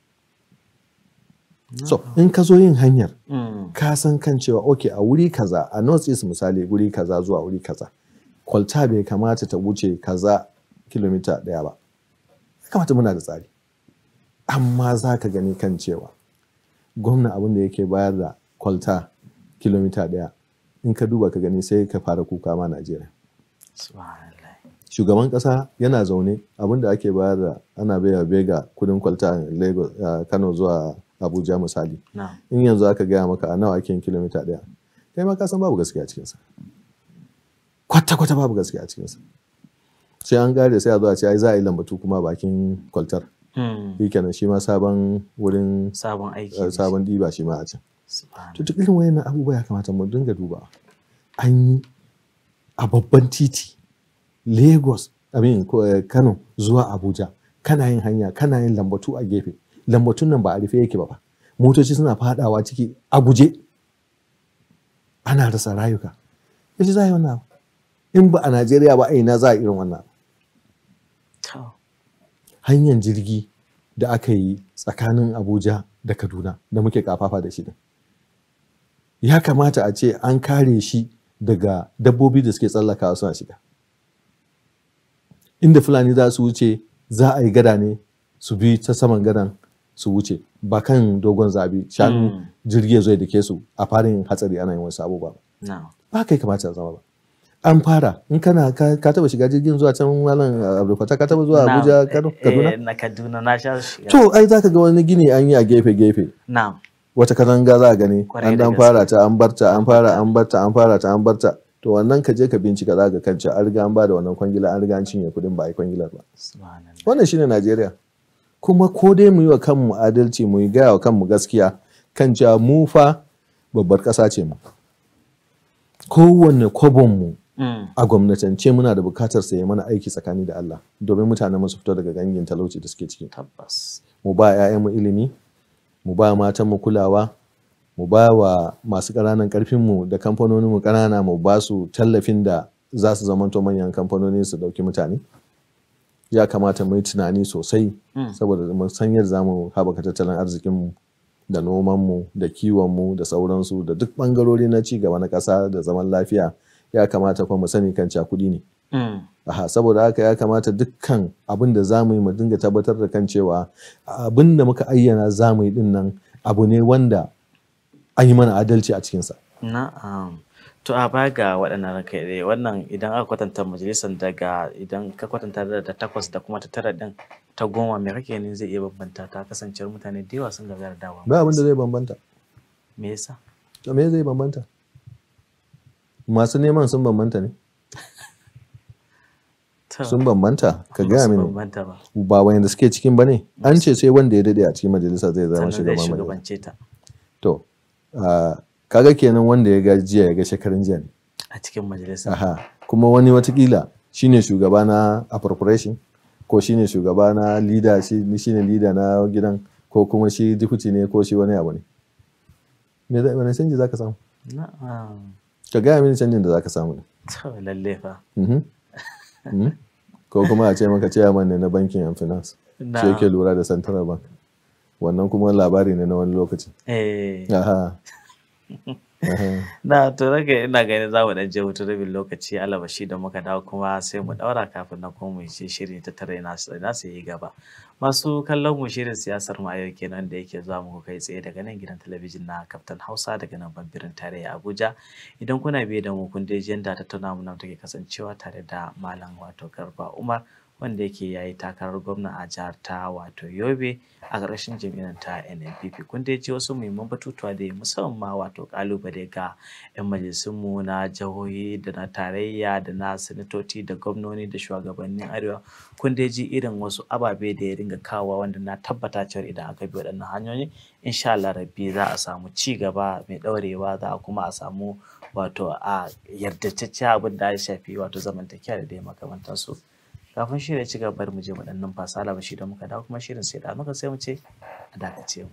so ah. in ka zo yin hanyar mm. ka san kan cewa ok a wuri kaza a north east misali wuri kaza zuwa wuri kaza kwalta bai kamata ta wuce kaza kilomita daya ba kamata muna da tsari amma za ka gani kan cewa gwamna abin da yake bayar da kwalta kilomita daya in ka duba ka gani sai ka fara kuka ma najeriya shugaban ƙasa yana zaune abin da ake bayar da ana baya bega kudin kwalta lagos ah, kano zuwa abuja misali in yanzu aka gaya maka a nawa ake yin kilomita ɗaya kai ma ka san babu gaskiya cikinsa kwata-kwata babu gaskiya cikinsa sai an gare sai a zo a ce ai za a yi lambatu kuma bakin kwaltar hmm. shi kenan shi ma sabon wurin sabon aiki eh, sabon diba shi ma a can to duk irin wayannan abubuwa ya kamata mu dinga duba. an yi a babban titi lagos abin eh, kano zuwa abuja kana yin hanya kana yin lambatu a gefe lambatun nan ba a rufe yake ba ba motoci suna fadawa ciki a guje ana rasa rayuka ce za a yi wannan in ba a najeriya ba a ina za a irin wannan hanyar jirgi da aka yi tsakanin abuja da kaduna da muke kafafa da shi ya kamata a ce an kare shi daga dabbobi da suke tsallakawa suna shiga inda fulani za su wuce za a yi gada ne su bi ta saman gadan su wuce ba kan dogon zabi shanu hmm. jirgi zai dake su a farin hatsari ana yin wasu abubuwa ba kai kamata zama ba an fara in kana ka taba shiga jirgin zuwa can wannan abdulfata ka taba zuwa abuja eh, kaduna eh, na kaduna na sha to ai zaka ga wani gini an yi a gefe gefe na'am wata katanga za a gani an dan fara ta an barta an fara an barta an fara ta an barta to wannan ka je ka bincika za ka kanci an riga an ba da wannan kwangila an riga an cinye kuɗin ba a yi kwangilar ba wannan shine najeriya kuma ko dai mu yi wa kanmu adalci mu yi gaya wa kanmu gaskiya kan cewa mu fa babbar ƙasa ce mu kowanne kwabonmu mm. a gwamnatance muna da bukatar saye mana aiki tsakani da Allah domin mutane masu fito daga gangin talauci da suke ciki tabbas mu ba 'ya'yanmu ilimi mu ba mu kulawa mu ba wa masu ƙananan mu da kamfanoninmu ƙanana mu ba su tallafin da za su zamanto manyan kamfanoni su ɗauki mutane ya kamata mu yi tunani sosai hmm. saboda mu san yadda za mu haɓaka tattalin arzikinmu da nomanmu da kiwonmu da sauransu da duk ɓangarori na ci gaba na ƙasa da zaman lafiya ya kamata kuma mu sani kan cakudi ne. Hmm. Aha, saboda haka ya kamata dukkan abin da za mu yi mu dinga tabbatar da kan cewa abin da muka ayyana za mu yi ɗin nan abu ne wanda an yi mana adalci a cikinsa. Na'am. To a baya ga waɗannan ranka wannan idan aka kwatanta majalisar daga idan ka kwatanta da takwas da kuma ta tara ɗin ta goma me kake ganin zai iya bambanta ta kasancewar mutane da yawa sun gagara dawa. Ba abin da zai bambanta. Me yasa? To me zai bambanta? Masu neman sun bambanta ne. <laughs> Sun bambanta ka gaya mini ba wanda suke cikin ba ne an ce sai wanda ya dade a cikin majalisa zai zama shugaban majalisa. To kaga kenan wanda ya ga jiya ya ga shekarun jiya ne a cikin majalisa aha kuma wani watakila shine shugaba na appropriation ko shine shugaba na leader shi shine leader na gidan ko kuma shi dukuti ne ko shi wani abu ne me da wani canji zaka samu ka gaya mini canjin da zaka samu ne to lalle fa mm-hmm. Mm-hmm. ko kuma a ce maka chairman ne na bankin and finance ce yake lura da central bank wannan kuma labari ne na wani lokaci eh aha na to rage ina ganin za mu dan je wutar rabin lokaci alabashi da muka dawo kuma sai mu daura kafin na kuma mu shi shirin ta tare na na sai yi gaba masu kallon mu shirin siyasar mu a yau kenan da yake zuwa mu kai tsaye daga nan gidan talabijin na Kaftan Hausa daga nan bambirin a Abuja idan kuna biye da mu kun dai jenda tattauna mu nan take kasancewa tare da malam wato Garba Umar wanda yake yayi takarar gwamna a jihar ta wato yobe a ƙarƙashin jam'iyyar ta nnpp kun dai ji wasu muhimman batutuwa da ya musamman ma wato kalubale ga 'yan majalisun mu na jihohi da na tarayya da na sanatoci da gwamnoni da shugabannin arewa kun dai ji irin wasu ababe da ya ringa kawowa wanda na tabbata cewa idan aka bi waɗannan hanyoyi insha Allah rabbi za a samu ci gaba mai ɗaurewa za a kuma a samu wato a yardacce abin da ya shafi wato zamantakewa da dai makamantansu. su kafin shirin ci gaba mu je mu dan numfasa labashi da muka dawo kuma shirin sai da muka sai mu ce a dakace mu.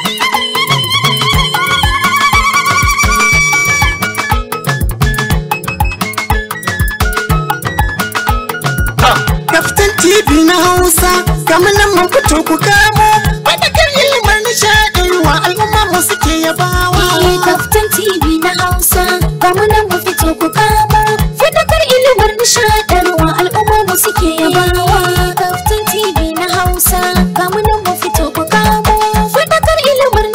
TV na Hausa kamar nan mun fito ku kamo fadakar ilmar wa al'umma mu suke yabawa eh kaftan TV na Hausa kamar nan mun fito ku kamo fadakar ilmar wa al'umma mu suke yabawa kaftan TV na Hausa kamar nan mun fito ku kamo fadakar ilmar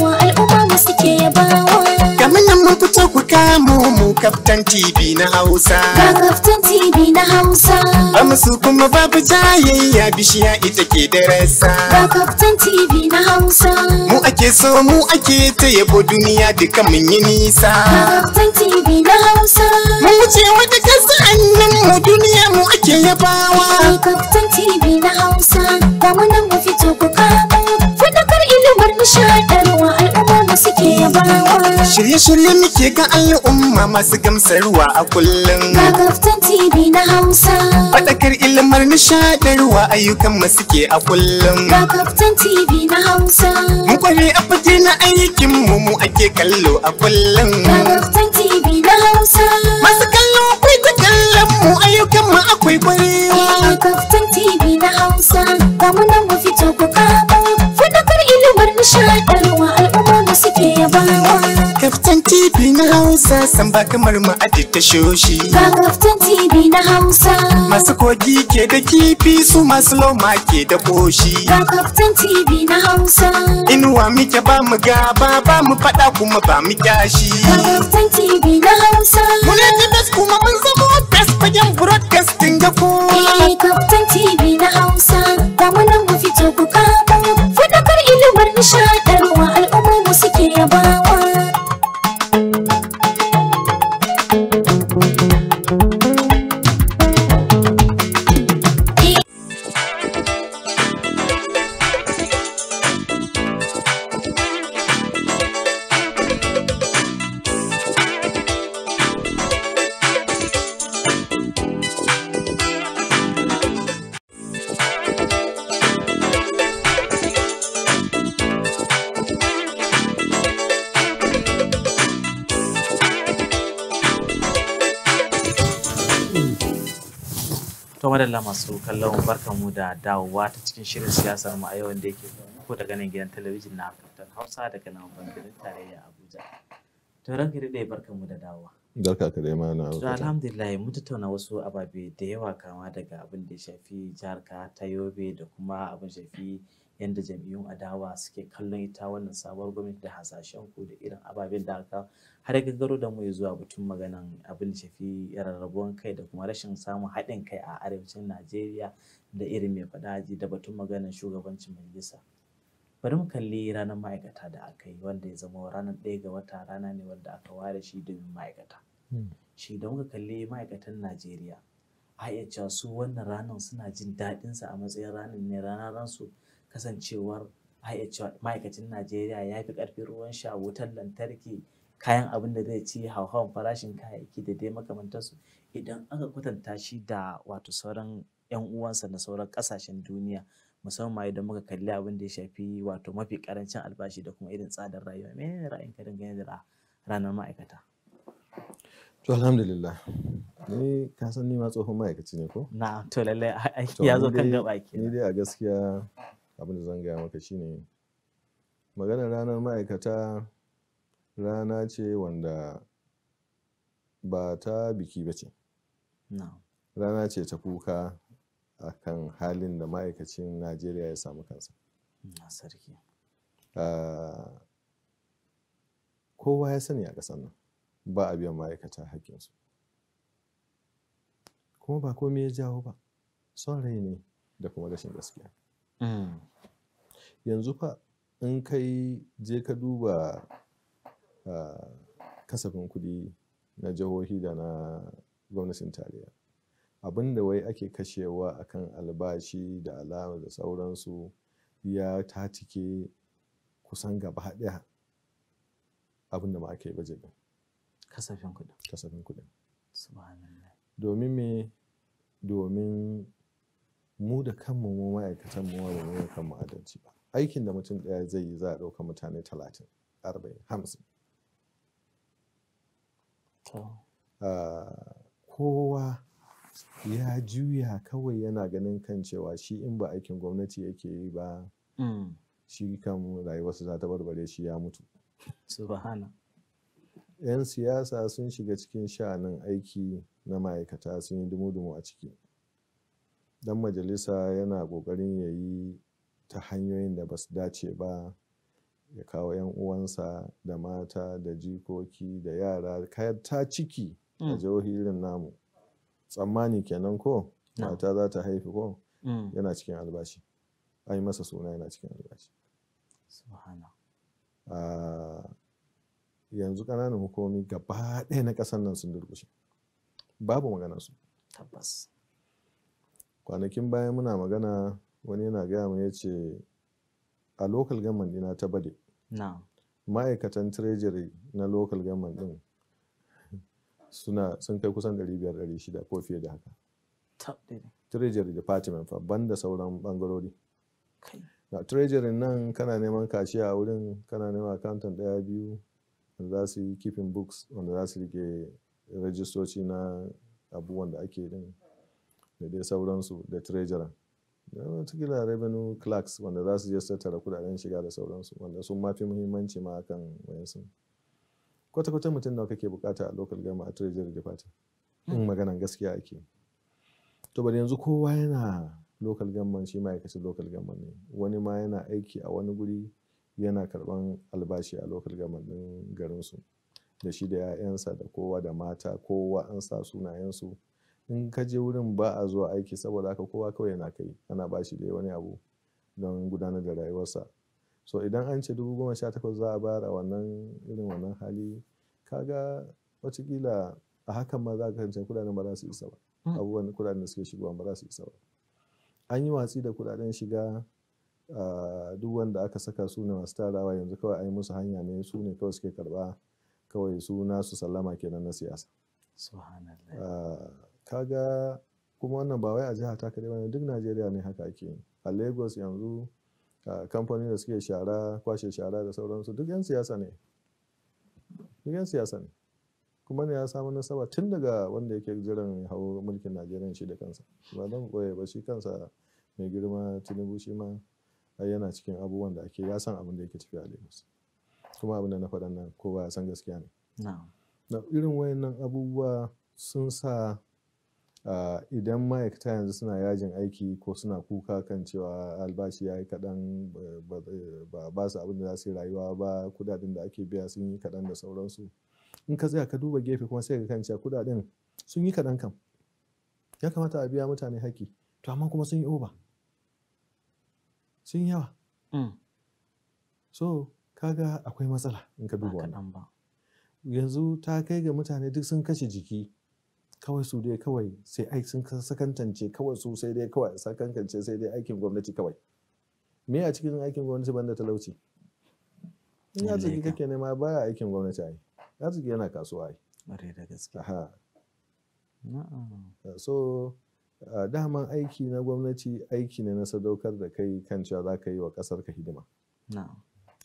wa al'umma mu suke yabawa fito ku kamo mu kaftan TV na Hausa. Ga kaftan TV na Hausa. Ba musu kuma babu jayayya bishiya ita ke darasa. Ga kaftan TV na Hausa. Mu ake so mu ake ta yabo duniya duka mun yi nisa. Ga kaftan TV na Hausa. Mun wuce wata kasa annan mu duniya mu ake yabawa. Ga kaftan TV na Hausa. Ga mu nan mu fito ku kamo. Fadakar ilimin nishadarwa al'adu. suke yabawa shirye-shirye muke ga al'umma masu gamsarwa a kullum gagaftan tv na hausa fadakar ilimar nishadarwa ayyukan mu suke a kullum gagaftan tv na hausa mu kware a fage na aikin mu mu ake kallo a kullum gagaftan tv na hausa masu kallo kai ta kallon mu ayyukan mu akwai kwarewa gagaftan tv na hausa ga mu nan mu fito ku kaba fadakar ilimar nishadarwa yabawa kaftan tv na hausa san ba kamar mu a ta shoshi ba kaftan tv na hausa masu kogi ke da kifi su masu loma ke da koshi ba kaftan tv na hausa inuwa muke ba mu gaba ba mu fada kuma ba mu kyashi ba kaftan tv na hausa mun yi best kuma mun zama best fagen broadcasting ga ko eh kaftan tv na hausa ga mu nan mu fito ku kamo fadakar ilimar nishadi yarbawa To madalla masu kallon barkanmu da dawowa ta cikin shirin siyasar mu a yau da yake ko daga nan gidan talabijin na Kaftan Hausa daga nan bangaren tarayya Abuja. To ranka dai barkanmu da dawowa. Barka ka dai mana. To alhamdulillah mun tattauna wasu ababe da yawa kama daga abin da ya shafi jihar ka ta Yobe da kuma abin shafi yadda jam'iyyun adawa suke kallon ita wannan sabuwar gwamnati da hasashen ku da irin ababen da aka har ga garo da mu zuwa batun maganan abin da shafi rarrabuwan kai da kuma rashin samun haɗin kai a arewacin najeriya da irin mai aji da batun maganan shugabancin majalisa bari mu kalli ranar ma'aikata da aka yi wanda ya zama ranar ɗaya ga wata rana ne wanda aka ware shi domin ma'aikata hmm. shi da muka kalli ma'aikatan najeriya a iya su wannan ranar suna jin daɗinsa a matsayin ranar ne ranar ransu kasancewar ma'aikacin najeriya ya fi karfin ruwan sha wutar lantarki kayan abin da zai ci hauhawan farashin kayayyaki da dai makamantarsu idan aka kwatanta shi da wato sauran 'yan uwansa na sauran kasashen duniya musamman idan muka kalli abin da ya shafi wato mafi karancin albashi da kuma irin tsadar rayuwa ne ra'ayin ka dangane da ranar ma'aikata to alhamdulillah ni ka san ni ma tsohon ma'aikaci ne ko na to lallai ya zo kan gaba ke ni dai a gaskiya abin da zan gaya maka shine maganar ranar ma'aikata rana ce wanda ba ta biki ba ce rana ce ta kuka a kan halin da ma'aikacin najeriya ya samu kansa ah, kowa ya sani a ƙasar nan ba a biyan ma'aikata haƙƙinsu kuma ba komai ya jawo ba son rai ne da kuma rashin gaskiya Mm. Yanzu fa in kai je ka duba kasafin kuɗi na jihohi da na gwamnatin tarayya abin da wai ake kashewa akan albashi da alama da sauransu ya ta cike kusan gaba ɗaya abin da ma ake baje ɗin kasafin kuɗin kasafin kuɗin domin me domin mu da kanmu mu ma'aikatan mu ba mu kan mu adalci ba aikin da mutum ɗaya zai yi za a ɗauka mutane talatin arba'in hamsin ah, kowa ya juya kawai yana ganin kan cewa shi in ba aikin gwamnati yake yi ba mm. shi kan rayuwarsa za ta barbare shi ya mutu subhana 'yan siyasa sun shiga cikin sha'anin aiki na ma'aikata sun yi dumu-dumu a ciki dan majalisa yana ƙoƙarin ya yi ta hanyoyin da ba su dace ba ya kawo 'yan uwansa da mata da jikoki da yara kayan ta ciki a mm. jihohi namu tsammani kenan ko mata za ta haifi ko mm. yana cikin albashi an yi masa suna yana cikin albashi ah, yanzu ƙananan hukumi gaba ɗaya na ƙasar nan sun durkushe babu maganarsu tabbas Kwanakin baya muna magana wani yana gaya mu ya ce a local government dina ta Bade ma'aikatan treasury na local government din suna sun kai kusan 500-600 ko fiye da haka. Treasury Department fa banda sauran bangarori. Na Treasury nan kana neman kashiya a wurin kana neman accountant ɗaya biyu wanda za su yi keeping books wanda za su rike rajistoci na abubuwan da ake din da dai sauransu da treasurer da watakila revenue clerks wanda za su je su tattara kudaden shiga da sauransu wanda sun mafi muhimmanci ma kan wayansu kwata-kwata mutum nawa kake bukata a local gama a treasury department in maganan gaskiya ake to bari yanzu kowa yana local gama shi ma'aikacin local gama ne wani ma yana aiki a wani guri yana karban albashi a local gama din garinsu da shi da 'ya'yansa da kowa da mata kowa an sa sunayensu in ka je wurin ba a zuwa aiki saboda haka kowa kawai yana kai ana ba shi dai wani abu don gudanar da rayuwarsa so idan an ce dubu goma sha takwas za a bayar a wannan irin wannan hali kaga watakila a hakan ma za ka kance kudaden ba za su isa ba hmm. abubuwan kudaden da suke shigowa ba za su isa ba an yi watsi da kudaden shiga duk wanda aka saka su ne masu tarawa yanzu kawai an yi musu hanya ne su ne kawai suke karba kawai su nasu sallama kenan na siyasa kaga kuma wannan ba wai a jihar ta kaɗai bane duk najeriya ne haka ake a lagos yanzu kamfani da suke shara kwashe shara da sauransu duk yan siyasa ne duk yan siyasa ne kuma ne ya samu nasaba tun daga wanda yake jiran hau mulkin najeriya shi da kansa ba don koye ba shi kansa mai girma tinubu shi ma yana cikin abubuwan da ake ya san abin da yake tafiya a lagos kuma abin da na faɗa nan kowa ya san gaskiya ne na irin wayannan abubuwa sun sa idan ma'aikata yanzu suna yajin aiki ko suna kuka kan cewa albashi ya yi kaɗan ba su abin da za su yi rayuwa ba kudaden da ake biya sun yi kaɗan da sauransu in ka tsaya ka duba gefe kuma sai ka kan cewa kudaden sun yi kaɗan kam ya kamata a biya mutane haƙƙi to amma kuma sun yi oba sun yawa mm. so kaga akwai matsala in ka duba wannan yanzu ta kai ga mutane duk sun kashe jiki kawai su dai kawai sai ai sun sakantance kawai su sai dai kawai sakantance sai dai aikin gwamnati kawai me a cikin aikin gwamnati banda talauci in ya tsaki kake nema baya aikin gwamnati ai ya tsaki yana kasuwa ai bare da gaske aha ah, so ah, daman aiki na gwamnati aiki ne na sadaukar da kai kan cewa za ka yi wa kasar ka hidima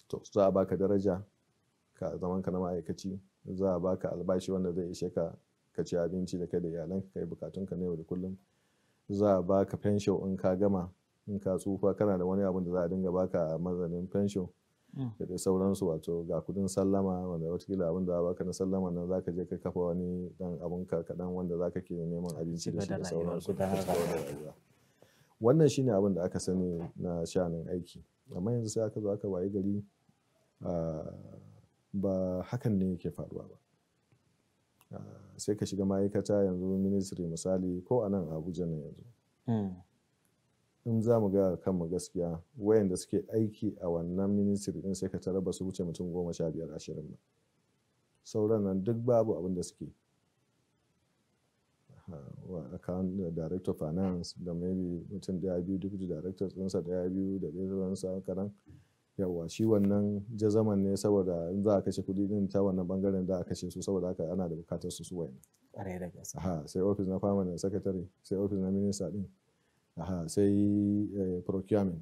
to za a baka daraja ka zaman ka na ma'aikaci za a baka albashi wanda zai ishe ka ka ci abinci da kai da iyalanka ka yi bukatunka na yau da kullum za a baka fenshon in ka gama in ka tsufa kana da wani abun da za a dinga baka a mazanin fenshon mm. da dai sauransu wato ga kudin sallama wanda watakila abin da baka na sallama nan ka je ka kafa wani dan abun ka kadan wanda za ka ke neman abinci da shi da sauransu wannan shine abin da aka sani na shanin aiki amma yanzu sai aka zo aka wayi gari ah, ba hakan ne yake faruwa ba sai ka shiga ma'aikata yanzu ministry misali ko a nan abuja ne yanzu hmm. in za mu ga kanmu gaskiya wayanda suke aiki a wannan ministry din sai ka tara ba su wuce mutum goma sha biyar ashirin ba sauran nan duk babu abin da suke account uh, director finance da maybe mutum daya biyu duk director tsinsa daya biyu da dai sauransa kanan yawwa shi wannan jazaman ne saboda in za a kashe kuɗi din ta wannan bangaren da a kashe su saboda haka ana da bukatar su su wayan ƙwarai da gaske aha sai na sakatare, sai ofis na minista din sai eh, procurement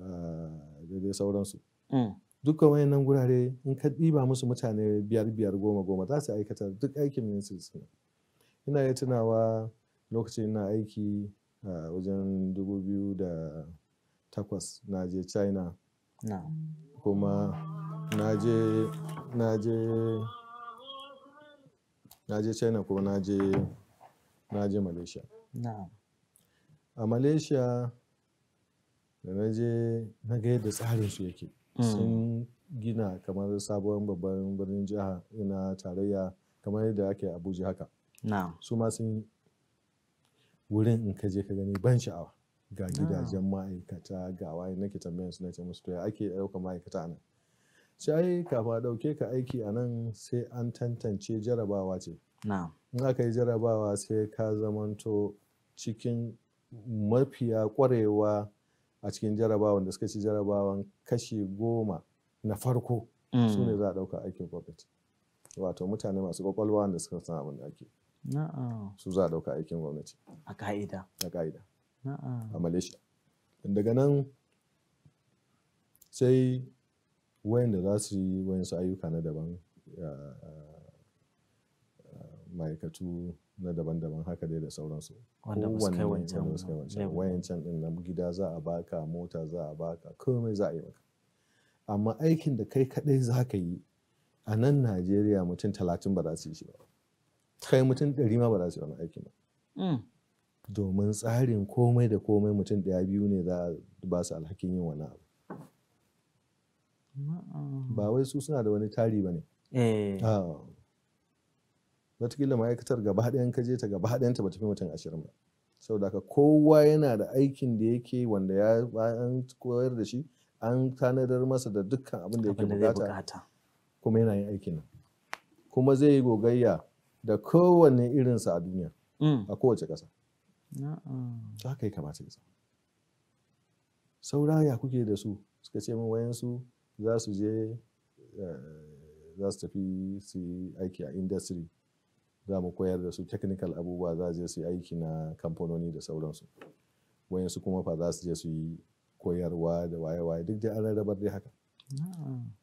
ah, da dai sauransu mm. dukkan wayannan gurare in ka ɗiba musu mutane biyar biyar goma goma za su aikata duk aikin ministers ne ina ya tunawa lokacin na aiki a ah, wajen dubu biyu da takwas na je china Kuma na je, na je, na je China kuma na je, na je Malaysia. A Malaysia da na je na ga yadda tsarinsu yake. Sun mm. gina kamar sabon babban birnin jiha na tarayya kamar yadda ake Abuja haka. Su ma sun wurin in ka je ka gani ban sha'awa. ga ah. gidajen ma'aikata ga waye nake tambayan su nace musu to ake ɗaukar ma'aikata nan sai ai kafin ɗauke ka aiki a nan sai an tantance jarabawa ce in aka yi jarabawa sai ka zamanto cikin mafiya kwarewa a cikin jarabawan da suka ci jarabawan kashi goma na farko su ne mm. za a ɗauka aikin gwamnati wato mutane masu ƙwaƙwalwa da suka san abin da ake su za a ɗauka aikin gwamnati a ka'ida a ka'ida a malaysia daga nan sai wayanda za su yi wayan su ayyuka na daban ma'aikatu na daban-daban haka dai da sauransu wanda ba su kai wancan wayan can din na gida za a baka mota za a baka komai za a yi maka amma aikin da kai kadai za ka yi a nan najeriya mutum talatin ba za su yi shi ba kai mutum ɗari ma ba za su yi wani aikin ba mm. domin tsarin komai da komai mutum ɗaya biyu ne za ba su alhakin yin wani abu ba wai su suna da wani tari ba ne eh. ah. watakila ma'aikatar gaba ɗayan kaje ta gaba ɗayan ta ba tafi mutum ashirin ba Sau haka kowa yana da aikin da yake wanda ya bayan koyar da shi an tanadar masa da dukkan abin da yake bukata kuma yana yin aikin nan kuma zai yi gogayya da kowane irinsa a duniya mm. a kowace ƙasa haka ya kamata ya zama saura ya kuke da su suka ce min wayansu za su je eh, za su tafi su yi aiki a industry za mu koyar da su technical abubuwa za je su yi aiki na kamfanoni da sauransu wayansu kuma fa za su je su yi koyarwa da waye-waye duk da an rarrabar dai haka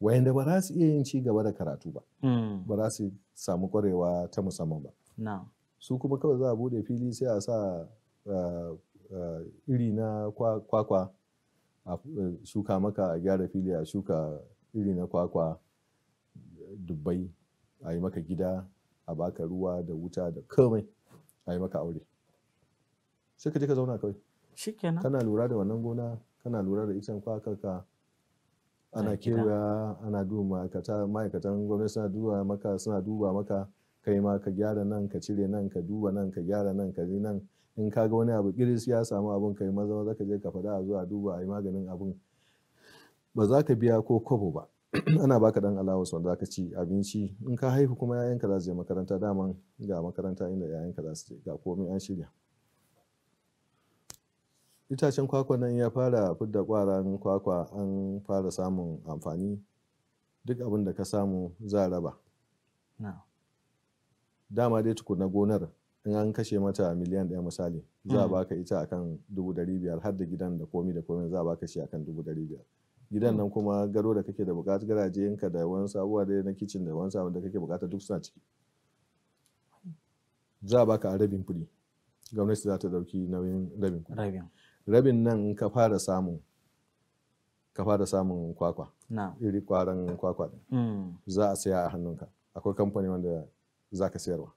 wayanda ba za su iya yin ci gaba da karatu ba hmm. ba za su samu kwarewa ta musamman ba su kuma kawai za a bude fili sai a sa eh, eh, iri na kwakwa a eh, shuka maka a gyara fili a shuka iri na kwakwa dubbai a yi maka gida a baka ruwa da wuta da komai a yi maka aure sai ka je ka zauna kawai shikenan kana lura da wannan gona kana lura da itan kwakarka ana kewaya ana duba ma'aikatan gwamnati suna duba maka suna duba maka kai ma ka gyara nan ka cire nan ka duba nan ka gyara nan ka ji nan in ka ga wani abu kiris ya samu abun kai maza maza ka je ka faɗa a zuwa duba a yi maganin abun ba za ka biya ko kobo ba <clears throat> ana baka dan allowance wanda zaka ci abinci in ka haihu kuma yayanka za su je makaranta daman ga makaranta inda yayanka za su je ga komai an shirya itacen kwakwa nan ya fara fidda kwaran kwakwa an fara samun amfani duk abin da ka samu za a raba dama dai tukuna gonar in an kashe mata miliyan ɗaya misali za a mm. baka ita akan dubu ɗari biyar har da gidan da komi da komi za a baka shi akan dubu ɗari biyar gidan mm. nan kuma gado da kake da bukatar garaje yanka da wani sabuwa dai na kicin da wani sabuwa da kake bukata duk suna ciki za a baka a rabin kuɗi gwamnati za ta ɗauki nauyin rabin kuɗi rabin nan ka fara samun ka fara samun kwakwa iri kwaran kwakwa mm. za a saya a hannunka akwai kamfani wanda za ka sayarwa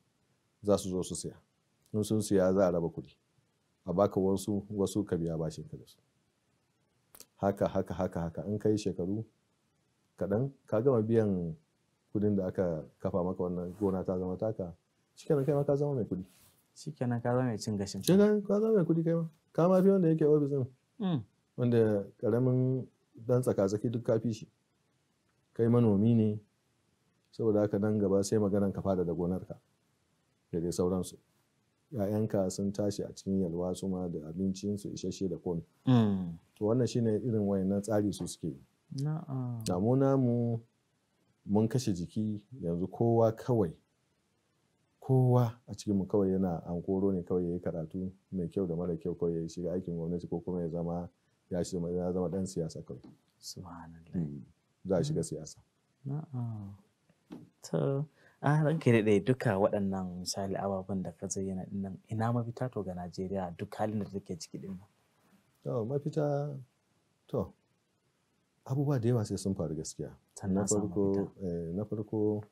za su zo su saya. in sun siya za a raba kuɗi a baka wasu wasu ka biya bashin ka da su haka haka haka haka in kai shekaru kaɗan ka gama biyan kuɗin da aka kafa maka wannan gona ta zama taka shikenan kai ma ka zama mai kuɗi shikenan ka zama mai cin gashin shikenan ka zama mai kuɗi kai ma ka ma fi wanda yake ofis din hmm. wanda karamin dan tsaka-tsaki duk ka fi shi kai manomi ne saboda haka nan gaba sai maganan ka fada da gonarka da dai sauransu ‘ya'yanka sun tashi a cikin yalwa su ma da abincinsu isasshe da komi mm. to wannan shine irin wayannan tsari su suke damuna mu mun kashe jiki yanzu kowa kawai kowa a cikinmu kawai yana an koro ne kawai yayi karatu mai kyau da mara kyau kawai ya shiga aikin gwamnati ko kuma ya zama ya zama dan siyasa kawai hmm. za a shiga siyasa To, a ranka daɗe duka waɗannan misali ababen da ka zayyana dinnan ina mafita to ga Najeriya duk halin da take ciki din nan. To, mafita to abubuwa da yawa sai sun faru gaskiya. Eh, na farko na farko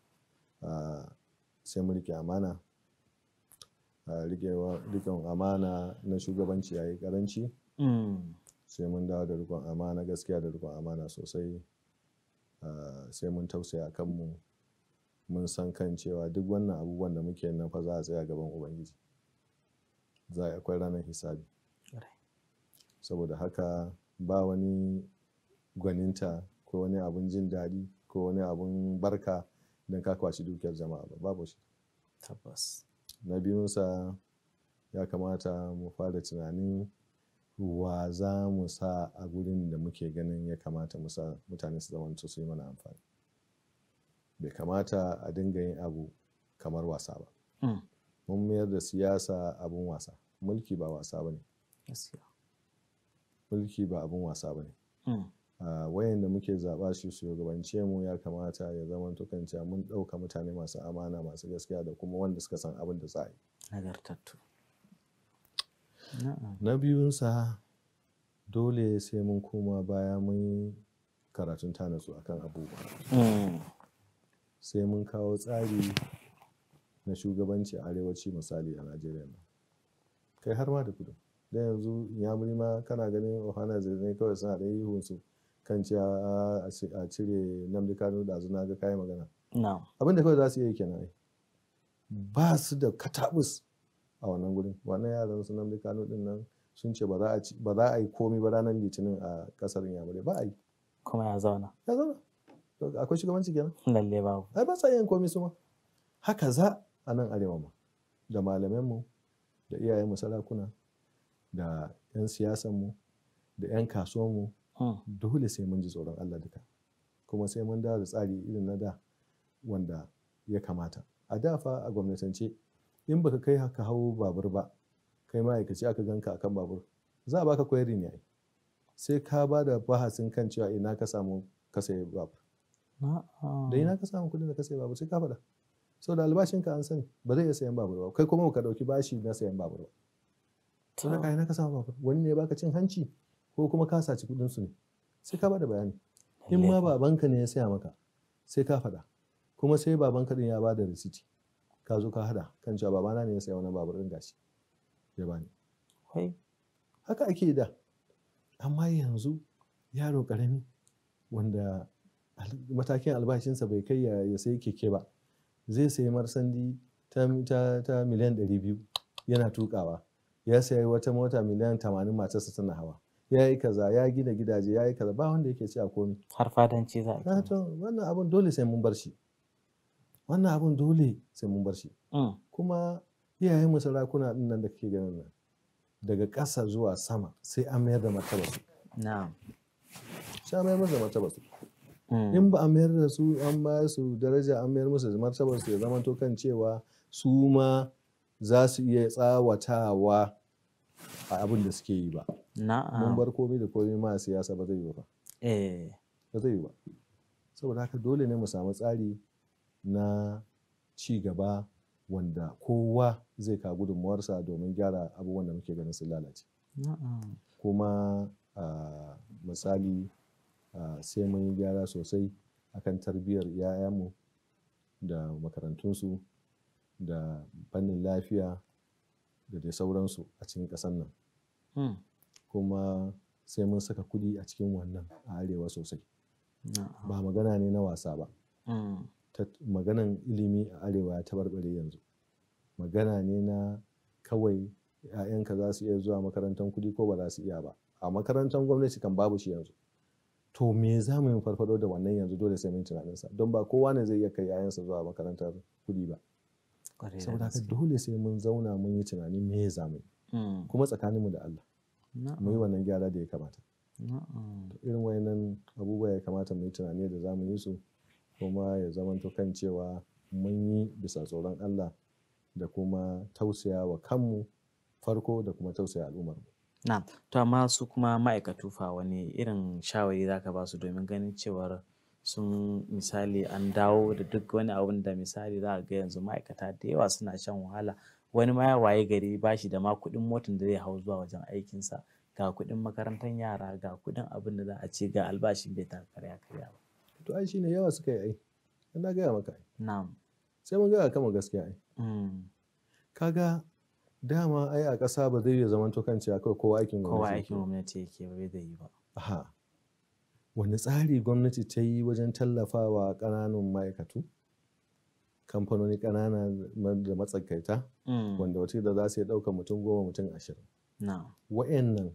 sai mu riƙe amana. amana na shugabanci ya yi mm. Sai mun dawo da rikon amana gaskiya da rikon amana sosai. Sai mun tausaya kanmu mun san kan cewa duk wannan abubuwan da muke nan fa za a tsaya gaban ubangiji za a akwai ranar hisabi saboda haka ba wani gwaninta ko wani abun jin daɗi ko wani abun barka don ka kwaci dukiyar jama'a ba babu shi tabbas na biyunsa ya kamata mu fara tunanin wa za mu sa a gurin da muke ganin ya kamata mu sa mutane su zamanto su yi mana amfani bai kamata a dinga yin abu kamar wasa ba hmm. mun mayar da siyasa abun wasa mulki ba wasa ba ne mulki ba abun wasa ba ne hmm. wayan da muke zaɓa shi su gabance mu ya kamata ya zama tukanta mun ɗauka mutane masu amana masu gaskiya da kuma wanda suka san abin da za a yi na biyunsa dole sai mun koma baya mun karatun tanatsu akan abubuwa hmm. sai mun kawo tsari na shugabanci a arewaci misali a najeriya kai har ma da kudu da yanzu yamuri ma kana ganin ohana zai kawai suna da ihun su kan cewa a cire namdi kano da zuna ga kayan magana abin da kawai za su iya kenan ba su da katabus a wannan gurin wannan yaran su namdi kano din nan sun ce ba za a yi komi ba ranar litinin a kasar yamurai ba a yi kuma ya zauna ya zauna to akwai shugabanci kenan lalle ba ai ba sa yin komai su ma haka za a nan arewa ma da mu, da iyayen mu sarakuna da 'yan mu, da 'yan mu. Hmm. dole sai mun ji tsoron Allah duka kuma sai mun dawo da tsari irin na da wanda ya kamata a da fa a gwamnatance in baka kai haka hau babur ba kai ma'aikaci aka ganka akan babur za a baka kwayari ne sai ka ba da bahasin kan cewa ina ka samu ka sayi babur da ina ka samu kuɗin da ka sayi babur sai ka faɗa saboda albashinka an sani ba zai iya sayan babur ba kai kuma ka ɗauki bashi na sayan babur ba to da kai na ka samu babur wani ne baka cin hanci ko kuma ka saci kuɗin su ne sai ka bada bayani in ma babanka ne ya saya maka sai ka faɗa kuma sai babanka din ya bada risiti ka zo ka hada kan cewa babana ne ya saya wani babur din gashi ya bani haka ake da amma yanzu yaro karami wanda matakin albashinsa bai kai ya sayi keke ba zai sayi marsandi ta miliyan 200 yana tukawa ya sayi wata mota miliyan 80 matarsa tana hawa ya yi kaza ya gina gidaje ya yi kaza ba wanda yake ce a komi har fadanci za a yi wannan abun dole sai mun bar shi wannan abun dole sai mun bar shi mm. kuma iyayen mu sarakuna din nan da kake ganin nan daga ƙasa zuwa sama sai an mayar da martaba su na'am sai an mayar da martaba su in mm. ba a mayar da su an ba su daraja an mayar musu martabar su ya zama to kan cewa su ma za su iya tsawatawa a abin da suke yi ba mun bar komai da komai ma siyasa ba zai yi ba eh. ba zai yi ba saboda haka dole ne mu samu tsari na ci gaba wanda kowa zai ka gudunmuwarsa domin gyara abubuwan da muke ganin sun lalace kuma ah, misali sai mun yi gyara sosai akan tarbiyyar 'ya'yanmu da makarantunsu da fannin lafiya da dai sauransu a cikin ƙasar nan hmm. kuma sai mun saka kudi a cikin wannan a arewa sosai ba magana ne na wasa ba hmm. maganan ilimi a arewa ya tabarbare yanzu magana ne na kawai 'ya'yanka za su iya zuwa makarantar kudi ko ba za su iya ba a makarantar gwamnati kan babu shi yanzu to me za mu yi farfado da wannan yanzu dole sai mun tunanin sa don ba kowa ne zai iya kai yayansa zuwa makarantar kuɗi ba saboda haka dole sai mun zauna mun yi tunani me za mu yi hmm. kuma mu da Allah mu yi wannan gyara da ya kamata irin wayannan abubuwa ya kamata mu yi tunani da za mu yi su kuma ya zamanto kan cewa mun yi bisa tsoron Allah da kuma tausaya wa kanmu farko da kuma tausaya al'ummar mu Na'am, to amma su kuma ma'aikatu fa wani irin shawari za ka ba su domin ganin cewar sun misali an dawo da duk wani abun da misali za ga yanzu ma'aikata da yawa suna shan wahala wani ma ya waye gari ba shi da ma kuɗin motar da zai hau zuwa wajen aikinsa ga kuɗin makarantar yara ga kuɗin abin da za a ce ga albashin bai ta karya karya ba. To ai shine yawa suka yi ai. Na gaya maka ai. Na'am. Sai mun ga kama gaskiya ai. Mm. Kaga dama ai a ƙasa ba zai iya zamanta kan cewa kawai kowa aikin gwamnati kowa aikin gwamnati yake ba zai yi ba aha wani tsari gwamnati ta yi wajen tallafawa ƙananan ma'aikatu kamfanoni ƙanana da matsakaita mm. wanda wata da za su iya ɗaukar mutum goma mutum ashirin wa'annan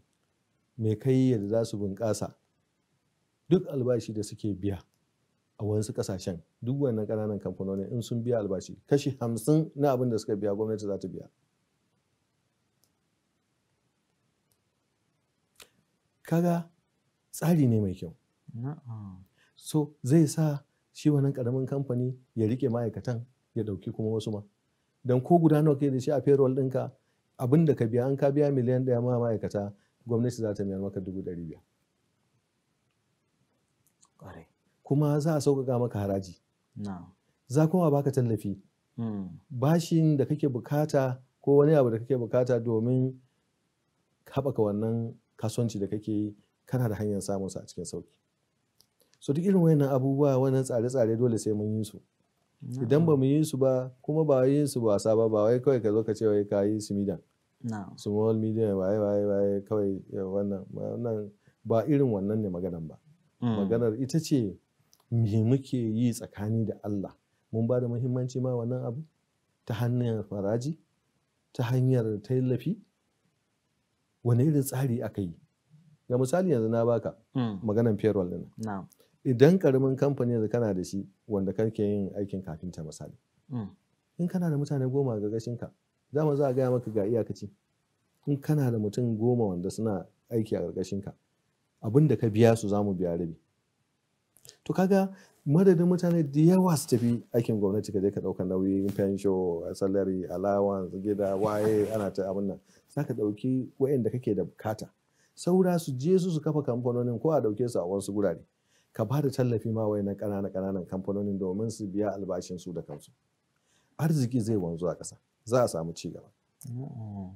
mai kai yadda za su bunƙasa duk albashi da suke biya a wasu ƙasashen duk wannan ƙananan kamfanoni in sun biya albashi kashi hamsin na abin da suka biya gwamnati za ta biya kaga tsari ne mai kyau so zai sa shi wannan karamin kamfani ya rike ma'aikatan ya dauki kuma wasu ma don ko guda nawa kai da shi a payroll ɗinka abin da ka biya an ka biya miliyan ɗaya ma ma'aikata gwamnati za ta mayar maka dubu ɗari biyar kuma za a sauƙaƙa maka haraji za kuma baka tallafi hmm. bashin da kake bukata ko wani abu da kake bukata domin haɓaka wannan kasuwanci da kake yi kana da hanyar samun su a cikin sauki so duk irin wayannan abubuwa wannan tsare-tsare dole sai mun yi su idan ba mu yi su ba kuma ba yi su ba wasa ba ba wai kawai ka zo ka ce wai ka yi su midan small medium waye waye waye kawai wannan wannan ba irin wannan ne maganan ba hmm. maganar ita ce me muke yi tsakani da Allah mun ba da muhimmanci ma wannan abu ta hanyar faraji ta hanyar tallafi wani irin tsari aka yi ga misali yanzu na baka hmm. maganan payroll din idan karamin kamfani yanzu kana da shi wanda kake yin aikin kafinta misali hmm. in kana da mutane goma ga gashinka za mu za a gaya maka ga iyakaci in kana da mutum goma wanda suna aiki a ƙarƙashinka abin da ka biya su za mu biya rabi to kaga madadin mutane da yawa su tafi aikin gwamnati ka je ka ɗauka nauyin fensho salari allowance gida waye ana ta abin nan za ka ɗauki wa'inda kake da bukata saura su je su su kafa kamfanonin ko a ɗauke su a wasu gurare ka ba da tallafi ma wayannan ƙanana ƙananan kamfanonin domin su biya albashin su da kansu arziki zai wanzu a ƙasa za a samu ci gaba mm.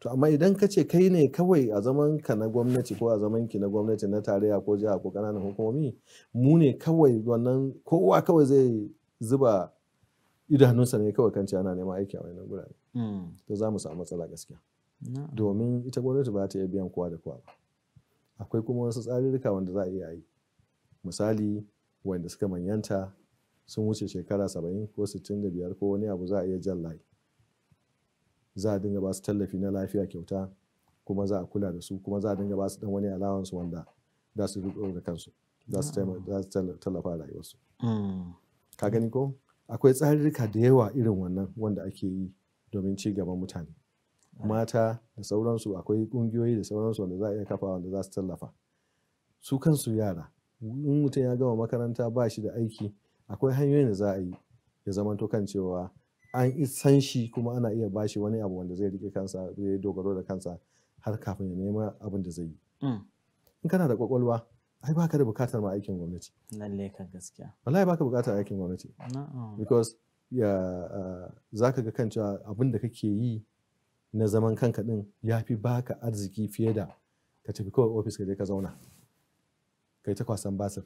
to amma idan ka ce kai ne kawai a zaman ka na gwamnati ko a zaman ki na gwamnati na tarayya ko jiha ko kananan hukumomi mu ne kawai wannan kowa kawai zai zuba idanunsa ne kawai kan ana neman aiki a wannan gurare hmm. to za mu samu matsala gaskiya domin ita gwamnati ba ta iya biyan kowa da kowa ba akwai kuma wasu tsarirrika wanda za a iya yi misali wanda suka manyanta sun wuce shekara 70 ko sittin biyar ko wani abu za a iya jan layi za a dinga ba su tallafi na lafiya kyauta kuma za a kula da su kuma za a dinga ba su dan wani alawansu wanda za su riƙo da kansu za su tallafa rayuwarsu hmm. ka gani ko akwai tsarirrika da yawa irin wannan wanda ake yi domin ci gaban mutane mata da sauransu akwai ƙungiyoyi da sauransu wanda za a iya kafa wanda za su tallafa su kansu yara in mutum ya gama makaranta ba shi da aiki akwai hanyoyin da za a yi ya zamanto kan cewa an san shi kuma ana iya bashi wani abu wanda zai rike kansa zai dogaro da kansa har kafin ya nema abin da zai yi mm. in kana da kwakwalwa ai baka da bukatar ma aikin gwamnati lalle ka gaskiya wallahi baka bukatar aikin gwamnati because ya zaka ga kan cewa abin da kake yi na zaman kanka din ya fi baka arziki fiye da ka tafi kawai ofis ka je ka zauna kai ta kwasan basir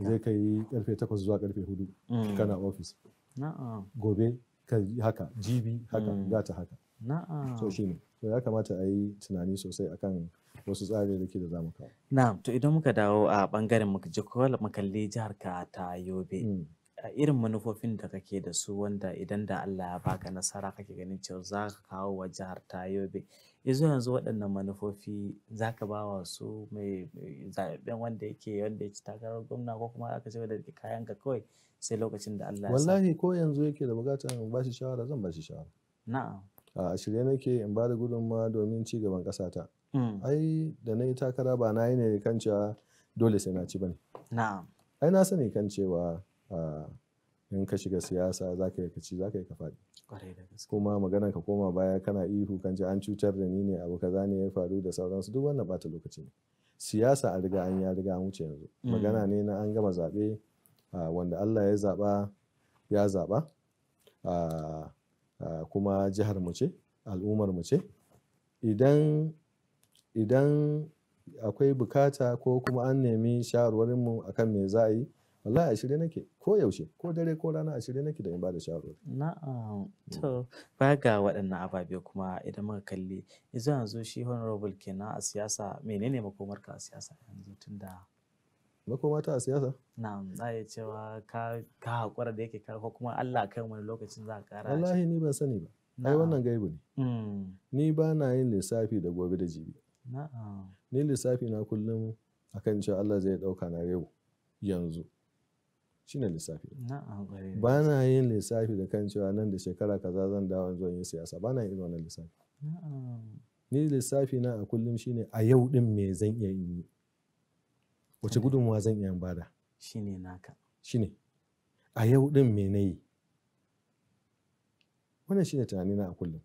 zai kai karfe 8 zuwa karfe hudu. Mm. kana ofis na'am gobe ka haka jibi haka gata hmm. haka na'am so ne, to ya kamata a yi tunani sosai akan wasu tsari da ke da zamu kawo na'am to idan muka dawo a bangaren muka ji makalli jihar ka ta yobe hmm. a irin manufofin da kake da su wanda idan da Allah ya baka nasara kake ganin cewa za ka kawo wa jihar ta yobe yanzu yanzu waɗannan manufofi za ka ba wa su mai zaɓen wanda yake wanda ya ci takarar gwamna ko kuma aka ce da kayan ka kawai sai lokacin da Allah ya wallahi ko yanzu yake da bukatar in ba shi shawara zan ba shi shawara na'am a shirye nake in ba da gudunmawa domin ci gaban kasata. Mm. ai da na takara ba na ne kan cewa dole sai na ci bane na'am ai na sani kan cewa in ka shiga siyasa za ka yi ka ci za ka yi ka faɗi kuma magana ka koma baya kana ihu kan ji an cutar da ni ne abu kaza ne ya faru da sauransu duk wannan bata lokaci ne siyasa a riga an ya riga an wuce yanzu mm. magana ne na an gama zaɓe wanda Allah ya zaɓa ya zaba kuma jihar mu ce al'ummar mu ce idan idan akwai bukata ko kuma an nemi shawarwarin mu akan me za a yi wallahi a shirye nake ko yaushe ko dare ko rana a shirye nake da in bada shawarwari na'am mm. to ba ga waɗannan ababe kuma idan muka kalli yanzu yanzu shi honorable kenan a siyasa menene makomarka a siyasa yanzu tunda makoma ta a siyasa? na za iya cewa ka ka hakura da yake karfa kuma Allah kai wani lokacin za a kara. Wallahi ni ban sani ba. Ai wannan gaibu ne. Hmm. Ni ba na yin lissafi da gobe da jibi. Ni lissafi na kullum akan cewa Allah zai dauka na yau yanzu. Shine lissafi. Ba na yin lissafi da kan cewa nan da shekara kaza zan dawo zuwa yin siyasa. Ba na yin wannan lissafi. Ni lissafi na a kullum shine a yau din me zan iya yi. wace gudunmuwa zan iya bada shine naka shine a yau din me nayi wannan shine tunani na a kullum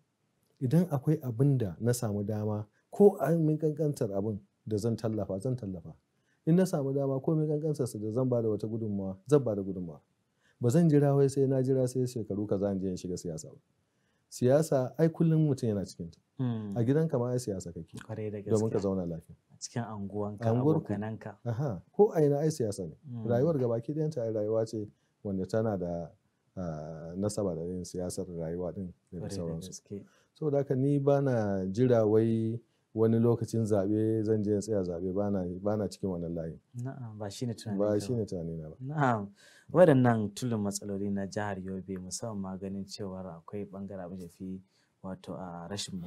idan akwai abin da na samu dama ko min kankantar abin da zan tallafa zan tallafa in na samu dama ko min kankantar da zan bada wata gudunmuwa zan bada gudunmuwa ba zan jira wai sai na jira sai shekaru kaza in je in shiga siyasa ba siyasa ai kullum mutum yana cikin ta hmm. a gidanka ma ai siyasa kake domin ka zauna lafiya cikin anguwanka abokananka aha ko a ina ai siyasa ne hmm. rayuwar gabaki ɗayanta ai rayuwa ce wanda tana da ah, nasaba da yin siyasar rayuwa din da sauransu saboda haka ni bana jira wai wani lokacin zaɓe zan je tsaya zaɓe ba na cikin wannan layin. ba shi ne tunani na ba. waɗannan tulun matsaloli na jihar Yobe musamman ma ganin cewar akwai ɓangare abin fi wato a rashin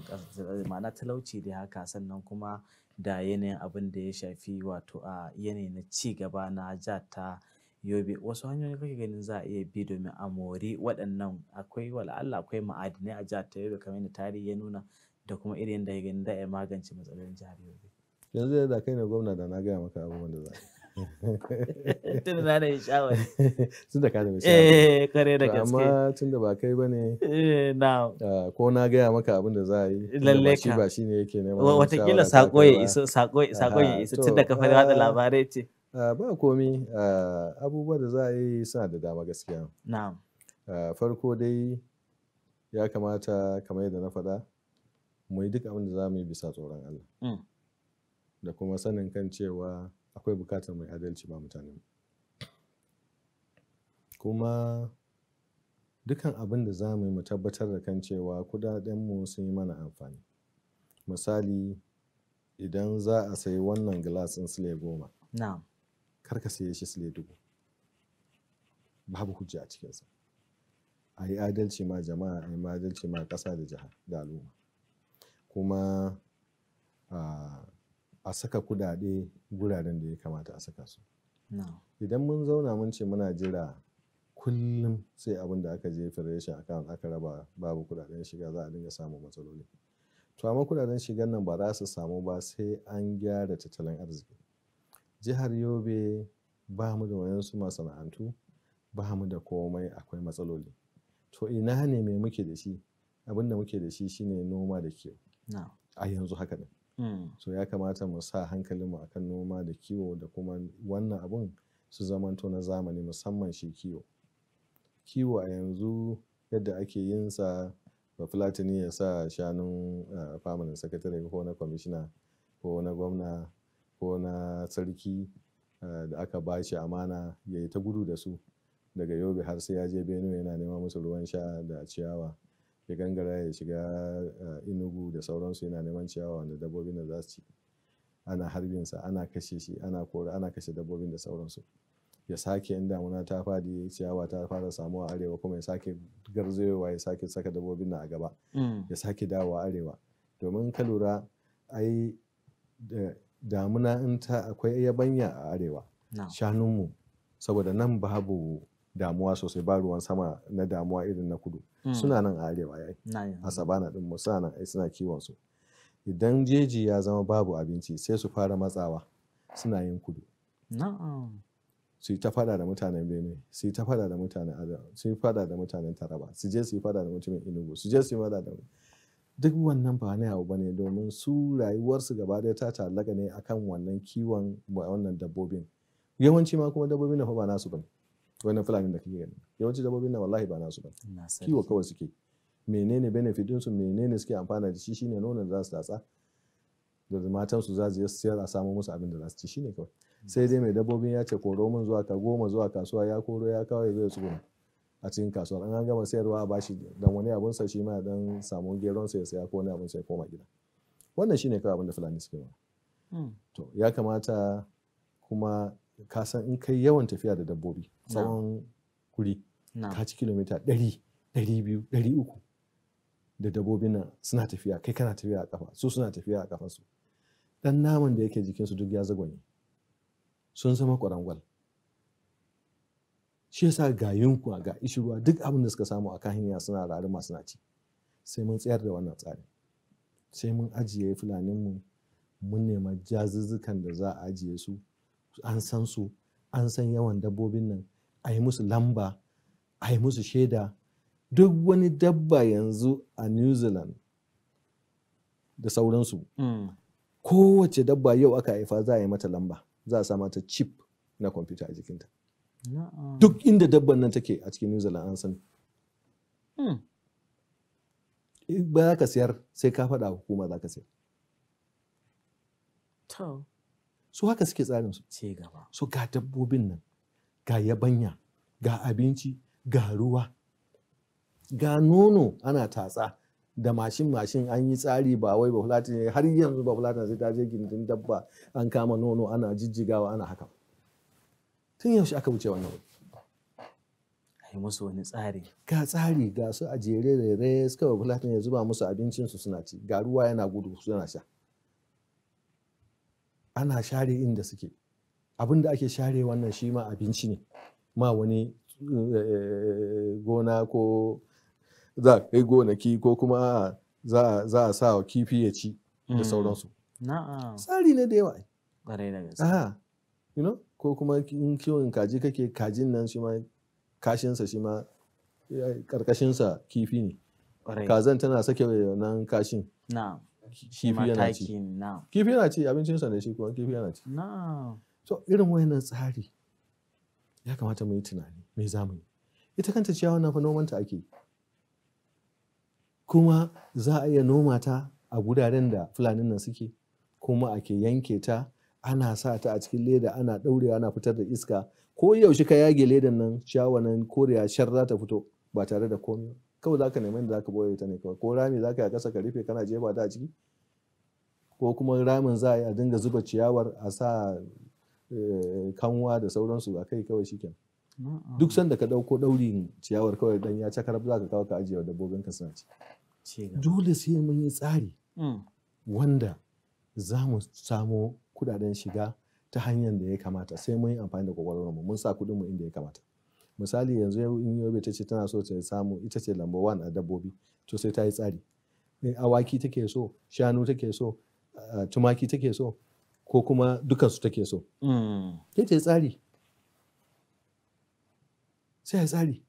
ma'ana talauci da haka sannan kuma da yanayin abin da ya shafi wato a yanayi na ci gaba na jihar ta Yobe wasu hanyoyi kake ganin za a iya bi domin a mori waɗannan akwai wala'alla akwai ma'adinai a jihar ta Yobe kamar yadda tarihi ya nuna. da kuma irin da ganin da ya magance matsalolin jihar Yobe. Yanzu da kai ne gwamna da na gaya maka abubuwan da za <laughs> Tun da na yi shawari. <laughs> Tun da ka da shawari. Eh kare da gaske. Amma tun da ba kai ba ne. Eh, na. Ah, ko na gaya maka abin da za a yi. Lalle ka. Ba shi ne yake neman shawara. Wataƙila sako ya iso sako ya ah, iso tun da kafar watsa ah, labarai ce. Ba komi abubuwa da za a yi suna da dama gaskiya. Na'am. Farko dai ya kamata kamar yadda na faɗa. mu yi duk abin da za mu yi bisa tsoron Allah mm. da kuma sanin kan cewa akwai bukatar mai adalci ba mutane kuma dukan abin da za mu yi mu tabbatar da kan cewa kudadenmu sun yi mana amfani misali idan za a sayi wannan gilasin sile goma kar ka saye shi sile dubu babu hujja a cikinsa a yi adalci ma jama'a a yi adalci ma ƙasa da jiha da al'umma kuma a saka kudade guraren da ya kamata a saka su idan mun zauna mun ce muna jira kullum sai abin da aka je a kan aka raba babu kudaden shiga za a dinga samun matsaloli to amma kudaden shigan nan ba za su samu ba sai an gyara tattalin arziki jihar yobe ba mu da wayansu masana'antu ba mu da komai akwai matsaloli to ina ne me muke da shi abin da muke da shi shine noma da kiwo a yanzu haka ne. Hmm. so ya kamata mu sa hankalinmu akan noma da kiwo da kuma wannan abun su zamanto na zamani musamman shi kiwo kiwo a yanzu yadda ake yin sa ba fulatani ya sa shanun famanin sakatare ko na kwamishina ko na gwamna ko na sarki da aka ba shi amana ya yi ta gudu da su daga yobe har sai ya je benue yana neman musu ruwan sha da ciyawa ya gangara ya shiga inugu eh, da sauransu yana neman ciyawa wanda dabbobin da za su ci ana harbinsa ana kashe shi ana kora ana kashe dabbobin da sauransu ya sake in damuna ta fadi ciyawa ta fara samuwa arewa kuma ya sake garzayowa ya sake saka dabbobin na a gaba mm. ya sake dawowa arewa domin ka lura ai damuna in ta akwai yabanya a arewa shanunmu saboda nan babu damuwa sosai ba ruwan sama na damuwa irin na kudu Hmm. suna nan a arewa yayi a sabana din mu suna nan ai eh, suna kiwon su idan jeji ya zama babu abinci sai su fara matsawa suna yin kudu su yi ta fada da mutanen benue su yi ta fada da mutanen arewa su yi fada da mutanen taraba su je su yi fada da mutumin inugu su je su yi fada da duk wannan ba na abu bane domin su rayuwarsu gaba ɗaya ta ta'allaka ne akan wannan kiwon wannan dabbobin yawanci ma kuma dabbobin da fa ba nasu bane wani fulani da kake gani yawanci dabbobin na wallahi ba nasu ba kiwo kawai suke menene benefit su menene suke amfana da shi shine nonon da za su tatsa da matan su za su je siyar a samu musu abin da za su ci shine kawai sai dai mai dabbobin ya ce koro min zuwa ka goma zuwa kasuwa ya koro ya kawai bai zo ya a cikin kasuwar an gama sayarwa a bashi dan wani abun sa shi ma dan samu geron sa ya saya ko wani abun sa ya koma gida wannan shine kawai abin da fulani suke ma hmm. to ya kamata kuma ka san in kai yawan tafiya da dabbobi tsawon kuri ka ci kilomita ɗari ɗari da dabbobin nan suna tafiya kai kana tafiya a kafa su suna tafiya a kafa su dan naman da yake jikin su duk ya ne. sun zama kwarangwal shi yasa ga yunkuwa ga ishiruwa duk abin da suka samu a kan hanya suna rari masu naci ci sai mun tsayar da wannan tsarin sai mun ajiye fulanin mu mun nema jazuzzukan da za a ajiye su an san su an san yawan dabbobin nan a yi musu lamba a yi musu shaida duk wani dabba yanzu a new zealand da sauransu hmm. kowace dabba yau aka haifa za a yi mata lamba za a sa mata chip na kwamfuta a jikinta duk inda dabban nan take a cikin new zealand an san hmm. ba za ka siyar sai ka faɗa hukuma za ka siyar su haka suke tsarin su ce gaba so ga dabbobin nan ga yabanya ga abinci ga ruwa ga nono ana tatsa da mashin mashin an yi tsari ba wai ba fulatin har yanzu ba fulatin sai ta je gindin dabba an kama nono ana jijjigawa ana haka tun yaushe aka wuce wannan wuri yi musu wani tsari. Ga tsari ga su a jere da res kawai fulatin ya zuba musu abincin su suna ci ga ruwa yana gudu suna sha. ana share inda suke abin da ake share wannan shi ma abinci ne ma wani eh, gona ko za a kai gonaki ko kuma za a sa wa kifi ya ci da mm. sauransu tsari ne da yawa aha you know ko kuma in kiwon kaji kake kajin nan shi ma kashinsa shi ma karkashinsa eh, kifi ne kazan tana sake nan kashin kifi yana ne shi kuma kifi irin wayannan tsari ya kamata mu yi tunani me za mu yi ita kanta ciyawa na fa nomanta ake kuma za a iya noma ta a guraren da fulanin nan suke kuma ake yanke ta ana sa ta a cikin leda ana ɗaurewa ana fitar da iska ko yaushe ka yage ledan nan ciyawa nan koriya shar za ta fito ba tare da komai kawai za ka nemi da za ka boye ta ne kawai ko rami za ka yi a ƙasa ka rufe kana jefa ta a ciki ko kuma ramin za a dinga zuba ciyawar a sa eh, kanwa da sauransu a kai kawai shi duk sanda ka dauko ɗaurin ciyawar kawai dan ya cakar za ka kawo ka ajiye bogan ka suna ci dole sai mun yi tsari mm. wanda za mu samo kudaden shiga ta hanyar da ya kamata sai mun yi amfani da kwakwalwar mu mun sa kuɗin mu inda ya kamata misali yanzu in yobe ta ce tana so ta samu ita ce lambar one a dabbobi to sai ta yi tsari eh, awaki take so shanu take so tumaki take so ko kuma dukansu take so hmm. sai ta yi tsari sai ya tsari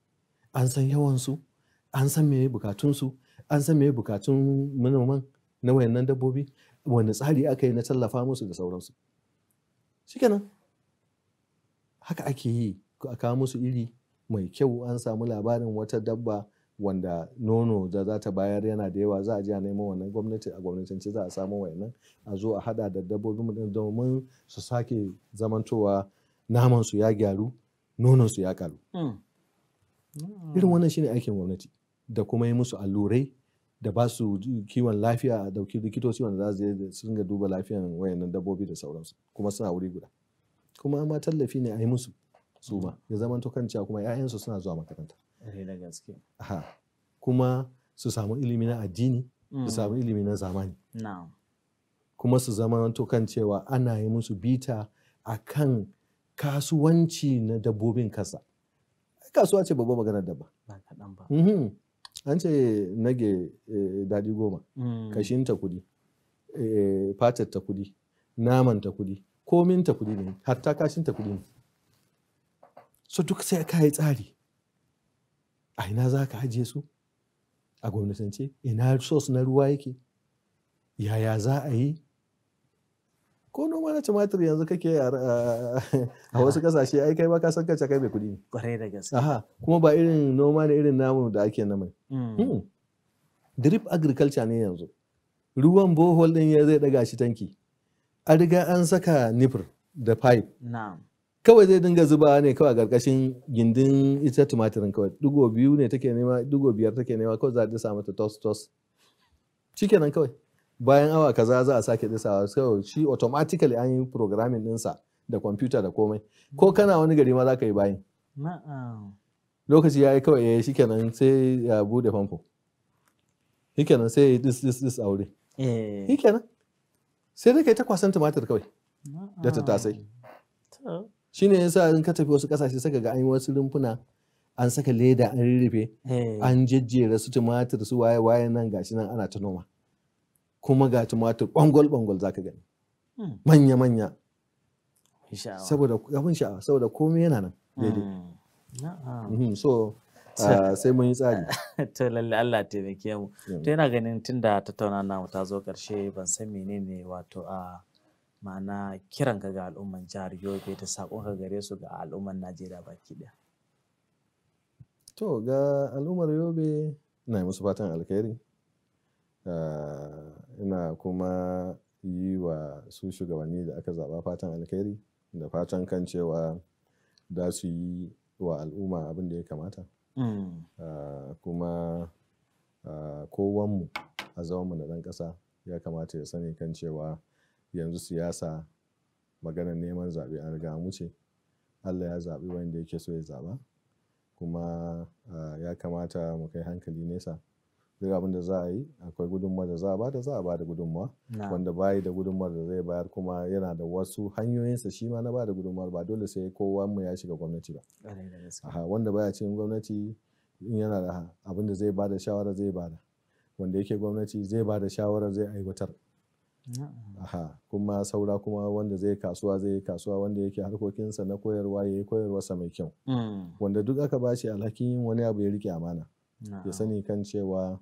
an san yawansu an san meye bukatunsu an san meye bukatun manoman na wayannan dabbobi wani tsari aka yi na tallafa musu da sauransu shikenan haka ake yi a kawo musu iri mai kyau an samu labarin wata dabba wanda nono da za ta bayar yana da yawa za a je a nemo wannan gwamnati a gwamnatance za a samu wayannan a zo a hada da dabbobin mu domin su sake zamantowa naman su ya gyaru nonon su ya karu hmm. irin wannan shine aikin gwamnati da kuma yi musu allurai da ba su kiwon lafiya a dauki likitoci wanda za su dinga duba lafiyan wayannan dabbobi da sauransu kuma suna wuri guda kuma ma tallafi ne a yi musu su ma ya zamanto kan cewa kuma 'ya'yansu suna zuwa makaranta kuma su samu ilimi na addini su samu mm. ilimi na zamani kuma su zama kan cewa ana yi musu bita a kan kasuwanci na dabbobin kasa kasuwa ce babba da dabba mm-hmm. an ce nage eh, daɗi goma mm. kashin ta kudi eh, fatar ta kudi naman ta kudi komin ta kudi ne hatta kashin ta kudi ne so duk sai ka yi tsari a ina za ka ajiye su a gwamnatance ina sos na ruwa yake yaya za a yi ko noma na tumatir yanzu kake a wasu kasashe ah. ai kai ba ka san ce kai mai kuɗi ne kwarai da gaske aha kuma ba irin noma ne irin namu da ake na mai hmm. Hmm. drip agriculture ne yanzu ruwan bohol din ya zai daga shi tanki a riga an saka nifir da pipe kawai zai dinga zuba ne kawai a ƙarƙashin gindin ita tumatirin kawai dugo biyu ne take nema dugo biyar take nema kawai za a disa mata tos tos shikenan kawai bayan awa kaza za a sake disawa kawai shi automatically an yi programming ɗinsa da kwamfuta da komai ko kana wani gari ma za ka yi bayan lokaci ya yi kawai ya eh, yi shikenan sai ya bude famfo shikenan sai ya yi dis dis dis aure eh. shikenan sai dai ka yi ta kwasan tumatir kawai da tasai shine yasa in ka tafi wasu kasashe saka ga an yi wasu rumfuna an saka leda an rirrufe eh. an jejjera su tumatir su waye waye nan gashi nan ana ta noma kuma ga tumatir bangol bangol zaka gani hmm. manya manya saboda abin sha'awa saboda komai yana nan daidai hmm. Hmm, so <laughs> ah, sai mun yi tsari <laughs> to lalle Allah taimake mu to yana ganin tunda tattauna namu ta zo karshe ban san menene wato a ah, ma'ana kiran ga al'umman jihar Yobe ta sakon ka gare su ga al'umman Najeriya baki ɗaya. To ga al'ummar Yobe ina musu fatan alkhairi ah, ina kuma yi wa su shugabanni da aka zaba fatan alkhairi da fatan kan cewa da su yi wa al'umma abin da ya kamata mm. ah, kuma ah, kowanmu a zaunmu na ɗan ƙasa ya kamata ya sani kan cewa yanzu siyasa maganar neman zaɓe an riga mu ce allah ya zaɓi wanda yake so ya zaɓa kuma ya kamata mu kai hankali nesa duk abin da za a yi akwai gudunmawar da za a bada za a bada gudunmawa wanda bayi da gudunmawar da zai bayar kuma yana da wasu hanyoyinsa shi ma na bada gudunmawar ba dole sai kowa mu ya shiga gwamnati ba wanda baya cikin gwamnati in yana da abin da zai bada shawara zai bada wanda yake gwamnati zai bada shawara zai aiwatar Aha, kuma saura kuma wanda zai kasuwa zai yi kasuwa wanda yake harkokinsa na koyarwa ya yi koyarwarsa mai kyau. Mm. Wanda duk aka ba shi alhakin yin wani abu ya rike amana. Ya sani kan cewa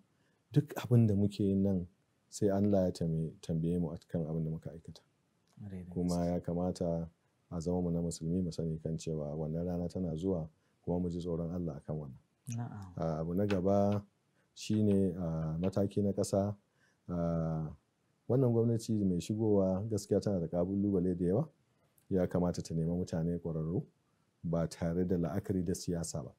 duk abin da muke yin nan sai Allah ya tambaye mu kan abin da muka aikata. Kuma ya kamata a zama mu na musulmi mu sani kan cewa wannan rana tana zuwa kuma mu ji tsoron Allah akan wannan. Ah, abu na gaba shine ah, mataki na ƙasa. Ah, wannan gwamnati mai shigowa gaskiya tana da bale da yawa ya kamata ta nemi mutane kwararru ba tare da la'akari da siyasa ba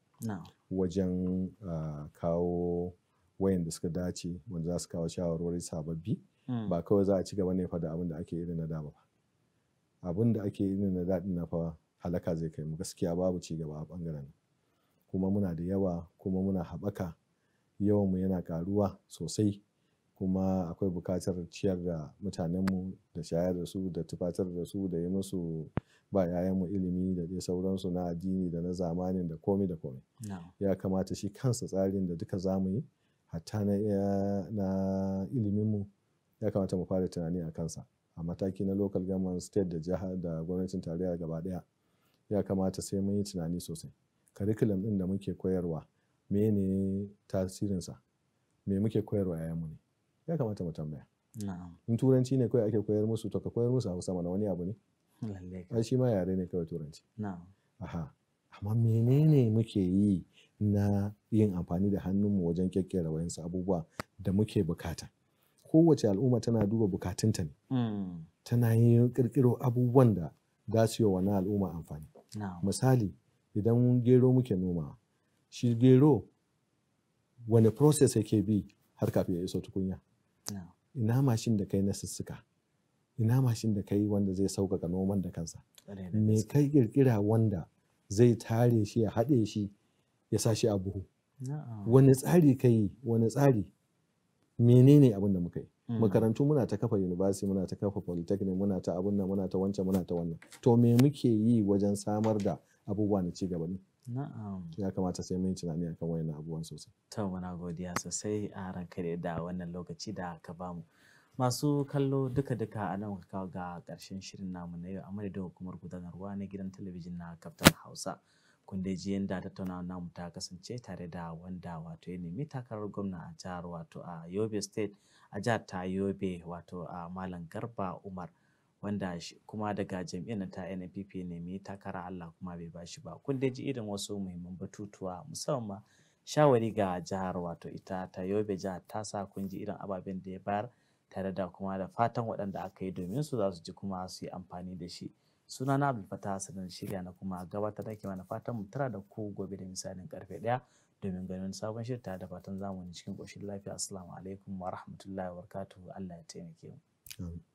wajen kawo ah, kawo wayanda suka dace wanda za su kawo shawarwari sababbi hmm. ba kawai za a ci gaba ne fa da abin da ake irin na daba ba abin da ake irin na daɗin na fa halaka zai kai mu gaskiya babu ci gaba a ɓangaren kuma muna da yawa kuma muna haɓaka Yawan mu yana ƙaruwa sosai kuma akwai bukatar ciyar da mutanenmu da shayar da su da tufatar da su da yi musu ba yayanmu ilimi da dai sauransu na addini da na zamanin da komi da komi. ya kamata shi kansa tsarin da duka zamu yi hatta na iliminmu ya kamata mu fara tunani a kansa a mataki na local government state da Jihar da gwamnatin tarayya gaba daya ya kamata sai mun yi tunani sosai curriculum din da muke koyarwa mene tasirinsa me muke koyarwa yayanmu ne ya kamata mu tambaya in turanci ne kawai ake koyar musu to ka koyar musu hausa mana wani abu ne ai shi ma yare ne kawai turanci aha amma menene muke yi na yin amfani da hannunmu wajen kyakkyara wayansu abubuwa da muke bukata kowace al'umma tana duba bukatunta ne mm. tana yin kirkiro abubuwan da za su yi wa na al'umma amfani misali idan gero muke noma shi gero wani process yake bi har kafin ya iso tukunya ina mashin da kai na sussuka ina mashin da kai wanda zai sauƙaƙa noman da kansa me kai kirkira wanda zai tare shi ya haɗe shi ya sa shi a buhu wani tsari ka yi wani tsari menene abin da muka yi mm. makarantu muna ta kafa university muna ta kafa polytechnic muna ta abun nan muna ta wancan muna ta wannan to me muke yi wajen samar da abubuwa na ci gaba ne Na'am. Ya kamata sai mun tunani akan wayannan abubuwan sosai. To muna godiya sosai a ranka da da wannan lokaci da ka bamu. Masu kallo duka-duka a nan kawo ga ƙarshen shirin namu na yau a madadin hukumar gudanarwa na gidan talabijin na Kaftan Hausa. Kun da ji yadda tattaunawa namu ta kasance tare da wanda wato ya nemi takarar gwamna a jihar wato a Yobe State a jihar ta Yobe wato a Malam Garba Umar. wanda kuma daga jam'iyyar ta NPP ne mai takara Allah kuma bai bashi ba kun dai ji irin wasu muhimman batutuwa musamman shawari ga jihar wato ita ta Yobe jihar tasa kun ji irin ababen da ya bayar tare da kuma da fatan waɗanda aka yi domin su za su ji kuma su yi amfani da shi sunana Abdul Fatah Hassan shirya na kuma gabatar da ke mana fatan mu tara da ku gobe da misalin karfe ɗaya domin ganin sabon shirta da fatan zamani cikin ƙoshin lafiya assalamu alaikum wa rahmatullahi wa barakatuhu Allah ya taimake mu.